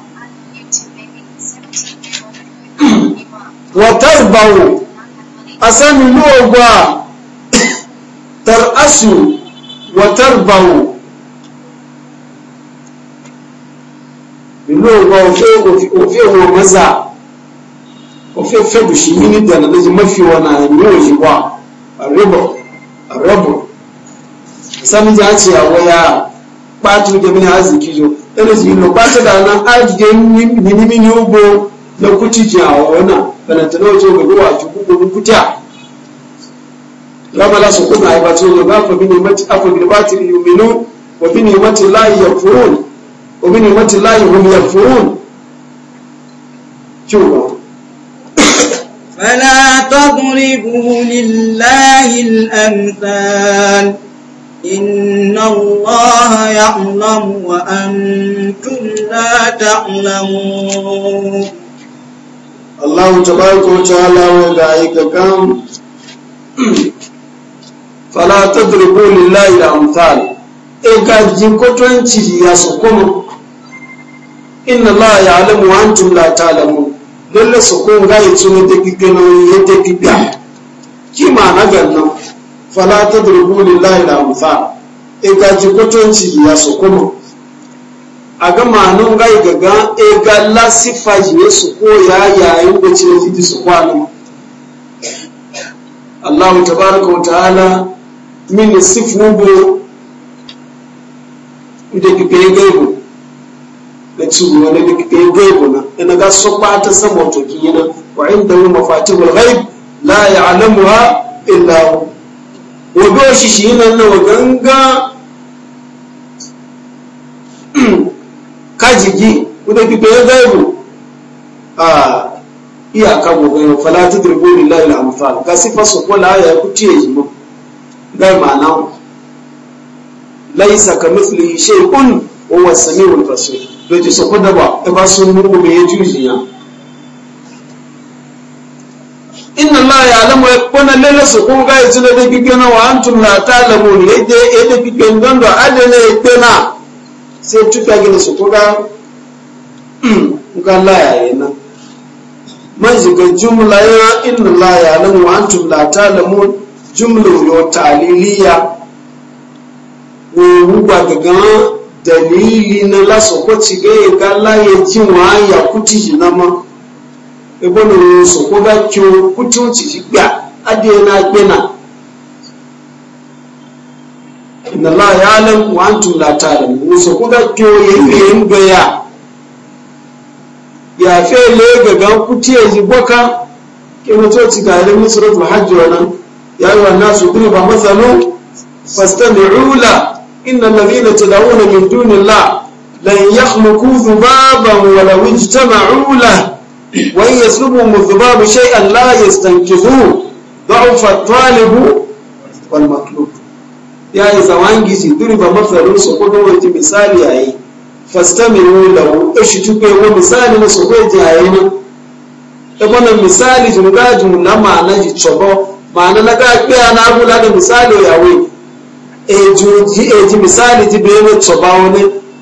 wa tarbawu asanu luwa tar'asu wa tarbawu ìlú ọgbà òfé mẹ́sà òfé fẹ́bùsì yìí ní tẹ̀lé lójú mọ́fì náà ní òyìnbó àrẹ́bọ̀ àrẹ́bọ̀ sani àti àwọ̀ yára kpatu da mini arziki jo ɗan su no kpatu da nan arziki mini mini na kuti ji a wana na wajen gaba wa ci gugu kuta ramala su kuma a yi bacin yau na fa bini mati afa bini batir yuminu wa bini mati layi ya wa bini mati layi hum ya furun فلا تضربوا لله الأمثال إن الله يعلم وأنتم لا تعلمون الله تبارك وتعالى وقائك كم فلا تضربوا لله الأمثال إيكا جنكوتو انتي يا سكوم إن الله يعلم وأنتم لا تعلمون للا سكوم غاية سنة تكيكنا ويهتكي بيان fala tadribu lillahi al-amsal e ka ji kotonci ya su kuma a ga manun gai gaga e ga la sifa ya su ko ya yayin da ce ji su kwano Allah tabaraka wa ta'ala min sifu bu da kike gaibu da ki da e ga gaibu na ina ga so ta sama to na? wa mu mafatihul ghaib la ya'lamuha illa hu wabe shi shi nan wa ganga kajigi kuda ki bayan gaibu a iyaka gogon falati dirbo lillahi al-amfal ga sifa su ko la ya kuce yi mu ga ma'ana laisa ka mithlihi shay'un wa huwa as-sami'ul basir doji su ko da ba ba sun mu me ya jujiya inna Allah ya alamu ya kona lele su kuma ga yanzu da kike na wa antum la ta'lamun yadda yadda kike don da adana yadda na sai tuka gina su kuma ga Allah ya yi nan man shiga jumla ya inna Allah ya alamu wa antum la ta'lamun jumla yo ta'liliya wo rugba daga dalili na lasu ko ya ga Allah ya ji wa ya kuti shi na ma ebono sọ̀kọ́ bá kí o kú tí ó ti gbà adé náà gbé náà ìnàlá ya lẹ́kùn ń tún látàrí mú sọ̀kọ́ bá kí o yẹ ìyẹ ń gbé yà yàfẹ́ ilé gẹ̀gẹ́ kú tí èyí gbọ́ká kí wọ́n tó ti gà ilé sọ̀rọ̀ tó hajj ọ̀nà ya yọ àná sọ̀kúrò bá mọ́sánú fàstẹ́mì rúlà ìnà nàbí ilẹ̀ tó dáwọ́ nà dúnilá lẹ́yìn yàkùnmùkú zùbáàbà wọ̀là wíjì tẹ́mà wai ya zubu mu zuba mu shai Allah ya stankizu da'ufa talibu wal matlub ya yi shi gizi duriba mafarin su kudu wata misali yayi fastamiru lahu ishi tupe wa misali na su kwaje yayi na ibana misali jumga jumla ma'ana ji chobo ma'ana na ga kiya na abu da misali yawe eji e misali ji bayan chobo ne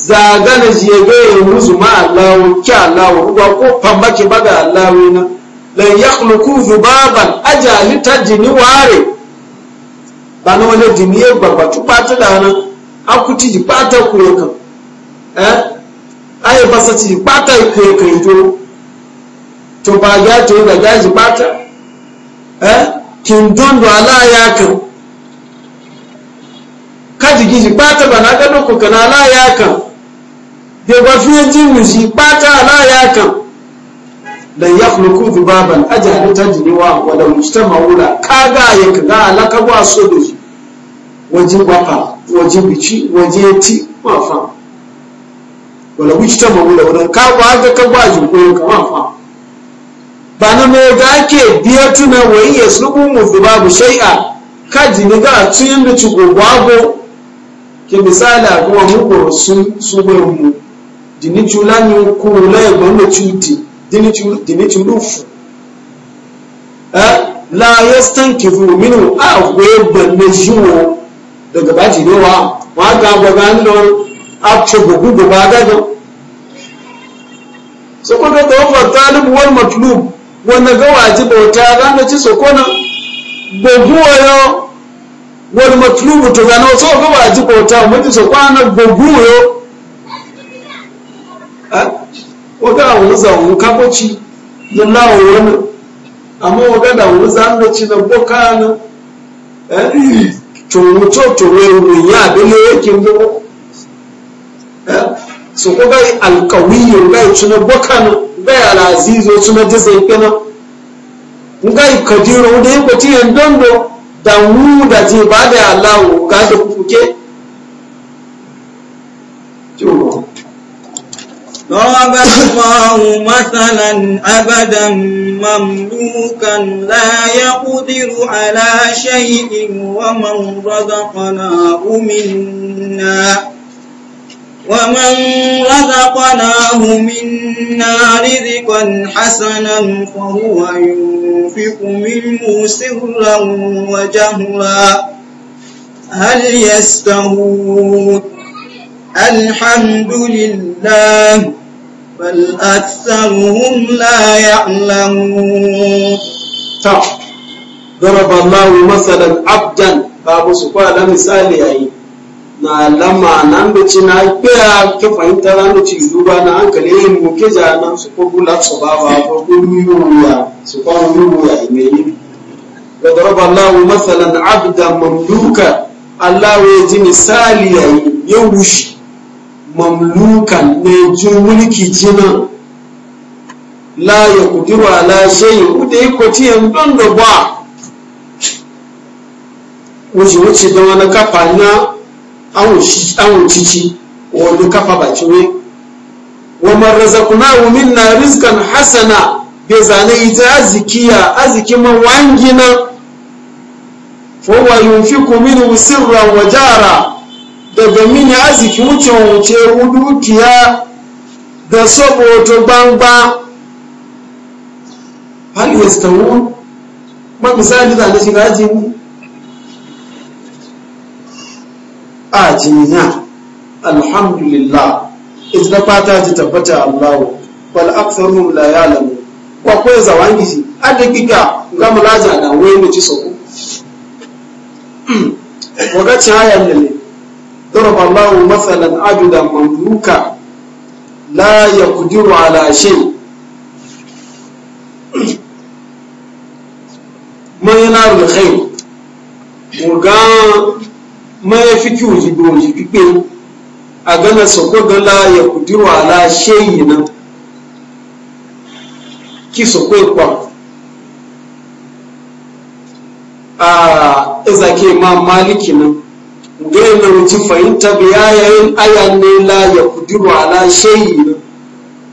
zagana jiyage ya musu ma allawo ki allawo ruwa ko pambake baga allawo na la yakhluqu dhubaban ajali tajini ware bana wale dimiye babba tupata dana akuti dipata kuyeka eh aye basa ti dipata kuyeka ido to ba ya to da gaji pata eh kindondo ala yakan kaji gizi pata bana gado ko kana la ya de ba fiye ji mishi pata la yaka da ya khluku dubaban ajal tajni wa da mujtama la kaga ya kaga ka ba so da shi waje wafa waje bici waje ti fa. wala ijtama'u la wa ka ba ga ka ba ko ka ba fa ba na me ga ke biya tuna wa yaslubu mu dubabu shay'a kaji ni ga tun da ci gogwago. ke misali kuma mugu su su bai mu dini chula ni ku la e dini jiwo daga baji gugu da matlub wanda ga ci sokona gugu wal matlubu to wasu so ga ba ji kota mu ji so kwana goguyo eh oga wuza mu kaboci lallawo wani amma oga da wuza an ci na boka na. to mu to ya dole yake mu eh so ga alqawiyyu ga tuna bokana ga alazizo tuna dizai kana ga kadiru da yake tiyan dondo da mu da je ba da Allah ga da kuke ضرب الله مثلا أبدا مملوكا لا يقدر على شيء ومن رزقناه منا ومن رزقناه منا رزقا حسنا فهو ينفق منه سرا وجهرا هل يستهون الحمد لله بل أكثرهم لا يعلمون ضرب الله مثلا عبدا باب سكوالا مثال na lama an da ci na biya ke fahimta na da ci duba na hankali yin muke jana nan su ko gula su ba ba ko gulu yuwa su ko yuwa ya me ni wa daraba Allahu masalan abda mamluka Allah ya ji misali yi ya wushi mamluka ne ji mulki jina la ya kudiru ala shayi kuda yi kwaci yan don da ba wuce wuce don wani kafa na awon cici wani kafa baki ne. wa man razaqnahu minna rizqan hasana bai zane ita azikiya aziki man wangina fa wa yunfiqu minhu sirran wa jara daga mini aziki wuce wuce dukiya da saboto gbangba hal yastawun ba misali zane shiga ajin a alhamdulillah alhamdulillah izna fata ji tabbata Allah wal aktharu la ya'lamu wa ko zawangi ji adakika ga mulaja da wai mu ci soko wakati haya ne ضرب الله مثلا عبدا مملوكا لا يقدر على شيء ما ينال الخير وقال mai fiki wuji doji kpe a gana sako gala ya kudirwa ala sheyi na ki sako kwa a izake ma maliki nan gai na wuci fahimta biyayen ayan ne la ya kudirwa ala sheyi nan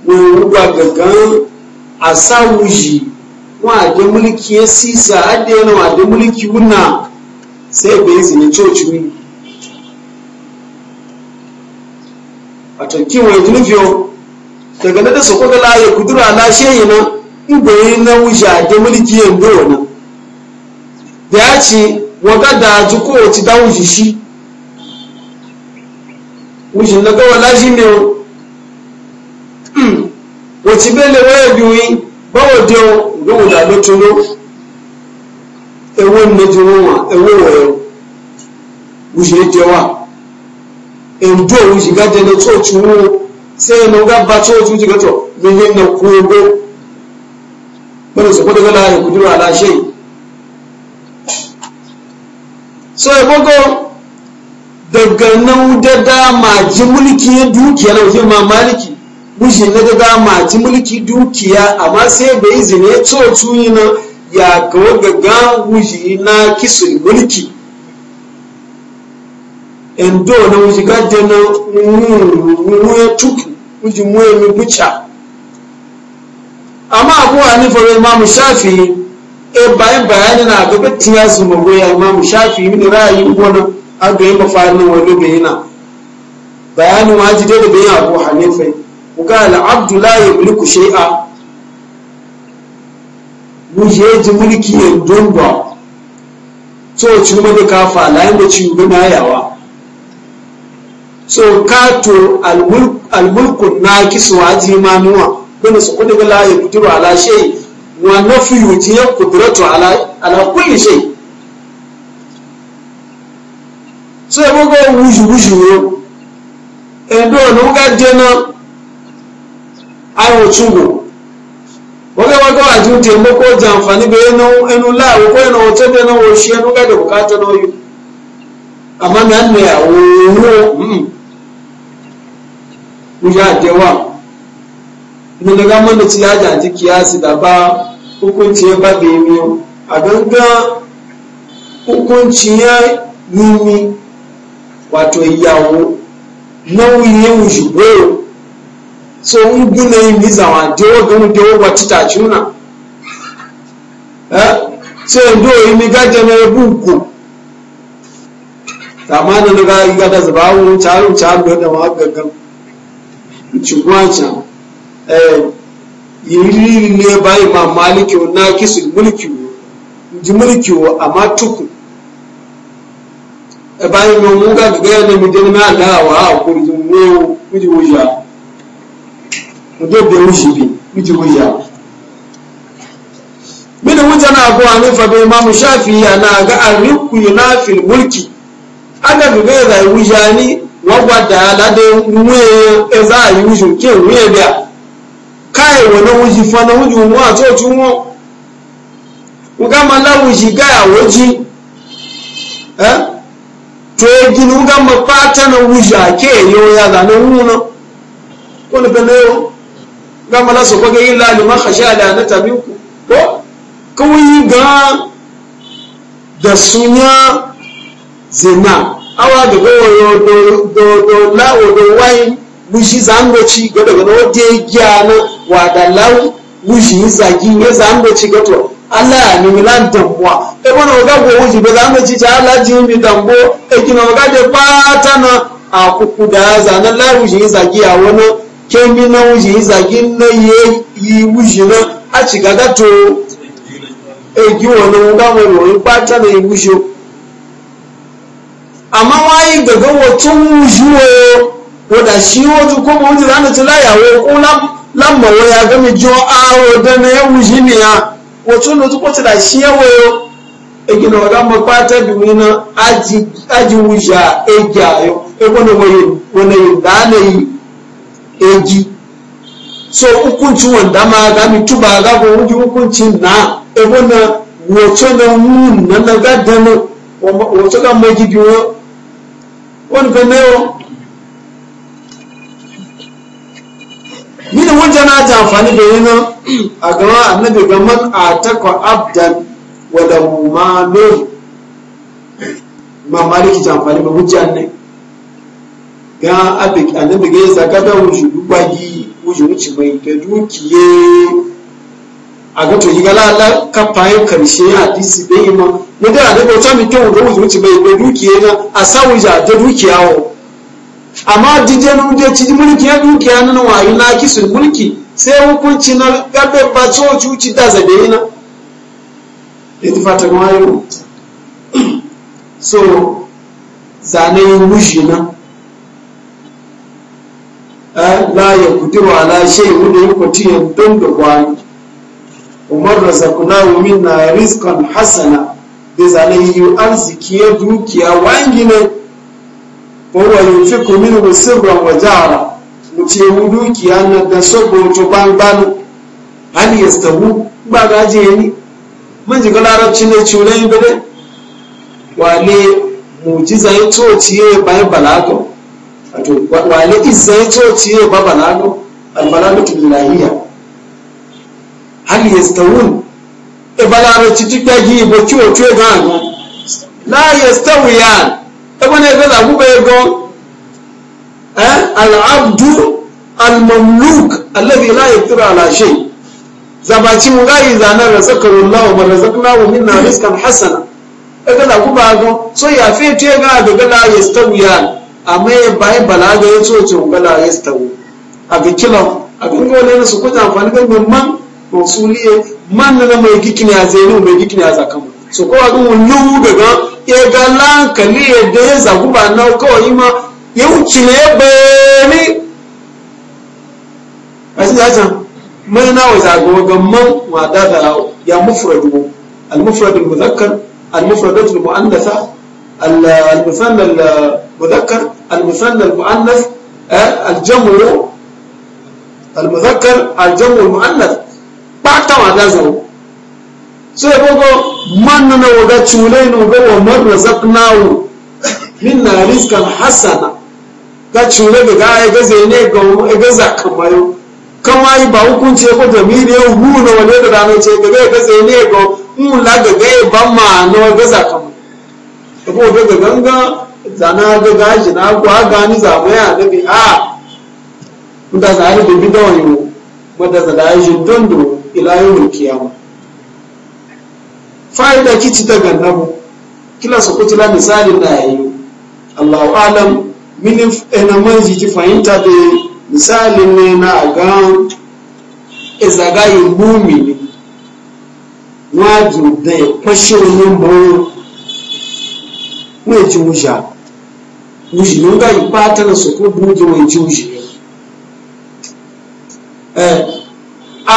wani ruwa gangan a sa wuji wa da mulki ya sisa adda yana wa da mulki wuna sai bai zini coci wuni wato kiwon ya tunufiyo daga na da su kuka laye kudura na shehi na igwe na wuja da mulki yin wani. da ya ce waga da ji kowace da wuji shi wuji na gawa lashi ne wace bele waya biyu bawa dio ga wuda lotulo ewo na jirowa ewo wayo wuji ya jewa endo ohun shiga jẹna tóòtù wọn sí ẹnu gábà tóòtù ti gẹ́tọ̀ gbogbo ẹ̀nà kú ogbó mọ́nà sọ̀kọ́tọ̀ gánà ìkùdúró aláṣẹ yìí so ẹ̀gbọ́gọ́ e daga nan dada maji mulki e dukiya na wajen mamaliki wuce na ma maji muliki dukiya amma sai bai izini ya tóòtù yi na ya kawo gaga wuce na kisul muliki. endo na wujiga jena mwe tuku wuji mwe mibucha amma abu hani fara imamu shafi e bayan bayani na gaba tiya su magoya imamu shafi mini ra'ayi wani aga yi mafarin wani bayana bayanin waji dai da yi abu hanifa kuka al'abdulahi ya mulku shai'a wuje ji mulki ya dumba so ci kuma da kafa layin da ci gana yawa so kato almulku na kisu aji manuwa don su kudu la ya kudiru ala shay wa fi ji ya kudratu ala kulli shay so e bogo wuju wuju yo e no ga jena ayo chugo wọ́n wá gbọ́ àti oúnjẹ mọ́kọ́ jẹ àǹfààní bẹ ẹnu ẹnu láàrú kọ́ ẹnu ọ̀tọ́ bẹ ẹnu oṣù ẹnu náà yìí àmọ́ mi á wuya da wa mun daga mun da ci haja ji kiyasi da ba hukunci ya ba da yi a ganga hukunci ya yi wato yawo nauyi ya wuce goyo so n guna yi mizawa dewa gama dewa ba ci tacuna eh so ndo yi mi ya na yabu ko tamanin da ga yi gada zaba wuce harin ci harin da ma gaggan chigwacha eh yiri ne bai ma maliki eh, na kisul mulki ji mulki amma tuku e bai no mu ga ga ne mi den ma Allah wa ko ji mu mu ji wuya mu do be mu shi bi mu ji wuya min wujana abu hanifa bai imam shafi yana ga arriku yunafil mulki ana ga ga wuya ni wagwada alade nwee eza ayi wuju ke nwee bịa kai wani wuji fana wuju mu a coci mu nga mala wuji gaya wuji eh to gini nga mapata na wuji a ke yo ya da na wuna wani bane yo nga mala so kwage illa lima khasha da na tabi ku ko kawai ga da sunya zina awa da goyo do lawo do wai wushi zangoci ga daga na waje gyana wa da lawo wushi zagi ne zangoci ga to Allah ni milan damuwa e bona ga go wushi ba zangoci ta Allah ji mi dambo e kina ga da fata na a kuku da zanan lawo wushi zagi a wani kemi na wushi zagi na yi wushi na a ci ga to e gi wani ga mu wani fata na yi wushi àmọ́ wayi á yí gbẹ̀gbẹ́ wo tó ń yú o wọ́n dà sí wọ́n tún kó wọ́n ti lánàá tó láyàwó kó na ya gómi jọ ya? dáná ẹ̀wù yìí nìyà wọ́n tún lọ tún kó ti dà sí ẹ̀wọ̀ o egina ọ̀gá mọ̀ pátá bìbí iná ájì wùjà èjì àyọ̀ ẹgbọ́n ni so hukunci wanda ma ga tuba ga ko hukunci na ẹgbọ́n na wọ́n tún lọ na nánà gádánù wọ́n tún lọ mọ́ ibi wani bai mayo mini wajen na ta amfani da yana a gaba annabi ga man a takwa abdan wada mumano mamaliki ta amfani ba hujjan ne ga annabi ga yasa kada wuce dubagi wuce wuce mai ta dukiye a ga to yiga lala kafa ya karshe bai yi ma mu da da bauta mi kyau ga wuce bai da dukiya na a sawu ja da dukiya wo amma dije mu da ci mulki ya dukiya na wa yi na kisul mulki sai hukunci na gabe ba so cuci da zabe na ita fata so zane mushi na eh, la ya kudiru ala da yake don da umar razaqnahu minna rizqan hasana izana yiyu arziki ya dukiya wangine wa huwa yunfiqu minhu sirran wa jara muce mu dukiya na da sobo to hali ya yastahu ba gaje ni mun ji larabci ne curai bane wale mujiza ya tociye bayan balago wato wale izza ya tociye ba balago albalagatu lillahiya hali yastawun ibalaro e titi gbagi ibo tí o tí ga. La agan ya yastawiyan ẹgbẹ́ náà ẹgbẹ́ làgùn bẹ́ẹ̀ gan go? Eh? al'abdu al-mamluk alladhi la yaqdiru ala shay zabaci mu gayi zana razaqallahu wa razaqnahu minna rizqan hasana ẹgbẹ́ làgùn bẹ́ẹ̀ go. so ya fi tí e ga gan e ga la ya amma ya bayi balaga ya tí o tí la yastawu a bi kilo a bi ngole su kuta amfani ga mamman mausuliye man na mai gikini a zai mai gikini a zakamu so kowa ɗin wullu daga ya ga lankali yadda ya zagu ba na kawai ma ya wuce ne ya bayani a cikin zacan mai nawa zago ga man wada da ya mufradu al-mufradul muzakkar al-mufradatul mu'annasa al-musanna al-muzakkar al-musanna al-mu'annas eh, al-jam'u al-muzakkar al-jam'u al-mu'annas pátá wà sai o so na mọ́nà náà no ga tùlẹ̀ mar gbogbo nawo min na rizkan hasana ga tùlẹ̀ ne ga ilé ẹgẹ́zẹ̀ àkàmọ́yọ́ kama yi ba hukunci ko jamiri ne hu na wani da rana ce ga ga ga sai ne ga mu la ga ga ba ma no ga za ka ko ga ga ganga zana ga gaji na ko ga ni za mu ya nabi a ah, mu da zai bi da wani mu da zai da shi dondo ila yawon kiyama fa'ida kici ta gannabu kila su kuci la misalin da ya yi allahu alam mini ina manji ki fahimta da misalin ne na agan izagayin mumini waju da ya kwashe wani bawo mai ji wuja wuji nun ga yi ba ta na su ko buji wani ji wuji eh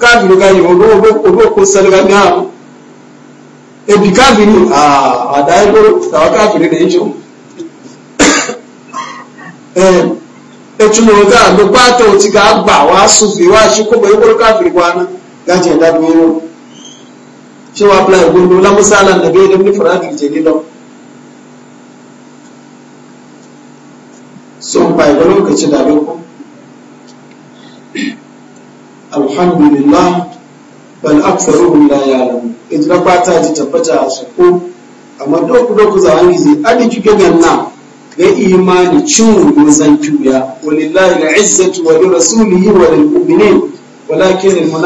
káàbìrì ká yọ owó kó sẹ́lẹ̀ká ní ebi káàbìrì àdá ẹgbẹ́ tàwọn káàbìrì rẹ̀ ń jọ ẹtùmọ̀ ọ̀gá ló bá tó ti ká gbà wá sùfì wá sí kó bẹ̀rẹ̀ kó káàbìrì wa ná gájẹ̀ ẹ̀dá bí wọ́n ṣé wàá bla ìgbóni lámúsálà nàbí ẹni ní fúnadì jẹ̀lé alhamdulillah bal aktharuhum la ya'lamun idan ba ta ji tabbata a sako amma doku doku za an gizi adi kike ganna ga imani cin wazan kiya walillahi wa li rasulihi wa lil mu'minin walakin al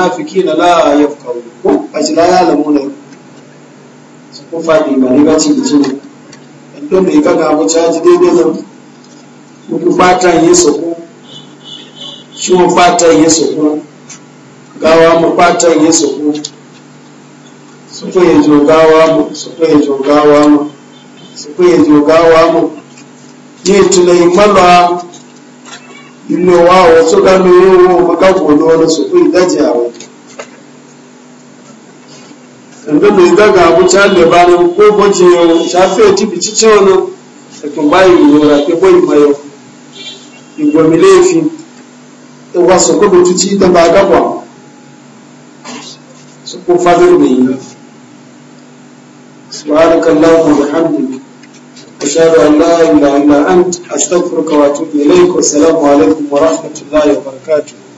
la ko ko fadi ba ci da ika ga mu caji daidai shi gawa mu fatan yi suku suku yi jogawa mu suku yi jogawa mu suku yi jogawa mu yi tunai mala ilo wa wasu gano yi wo maka kodo wani suku yi dajiyawa ẹgbẹ́ mi gbẹ́gà àbújá lè bá ní gbogbo jiyàn ṣàfihàn tìbí títí ọ̀nà ẹ̀kùn báyìí ìrora pé bó ìmọ̀ ẹ̀yọ ìgbọ̀mí léèfin ẹwà sọ̀kọ́ bójú tí dẹ́gbà agábọ̀ àwọn. ko fadar mai yi سبحانك اللهم وبحمدك أشهد أن لا إله إلا أنت أستغفرك وأتوب إليك والسلام عليكم ورحمة الله وبركاته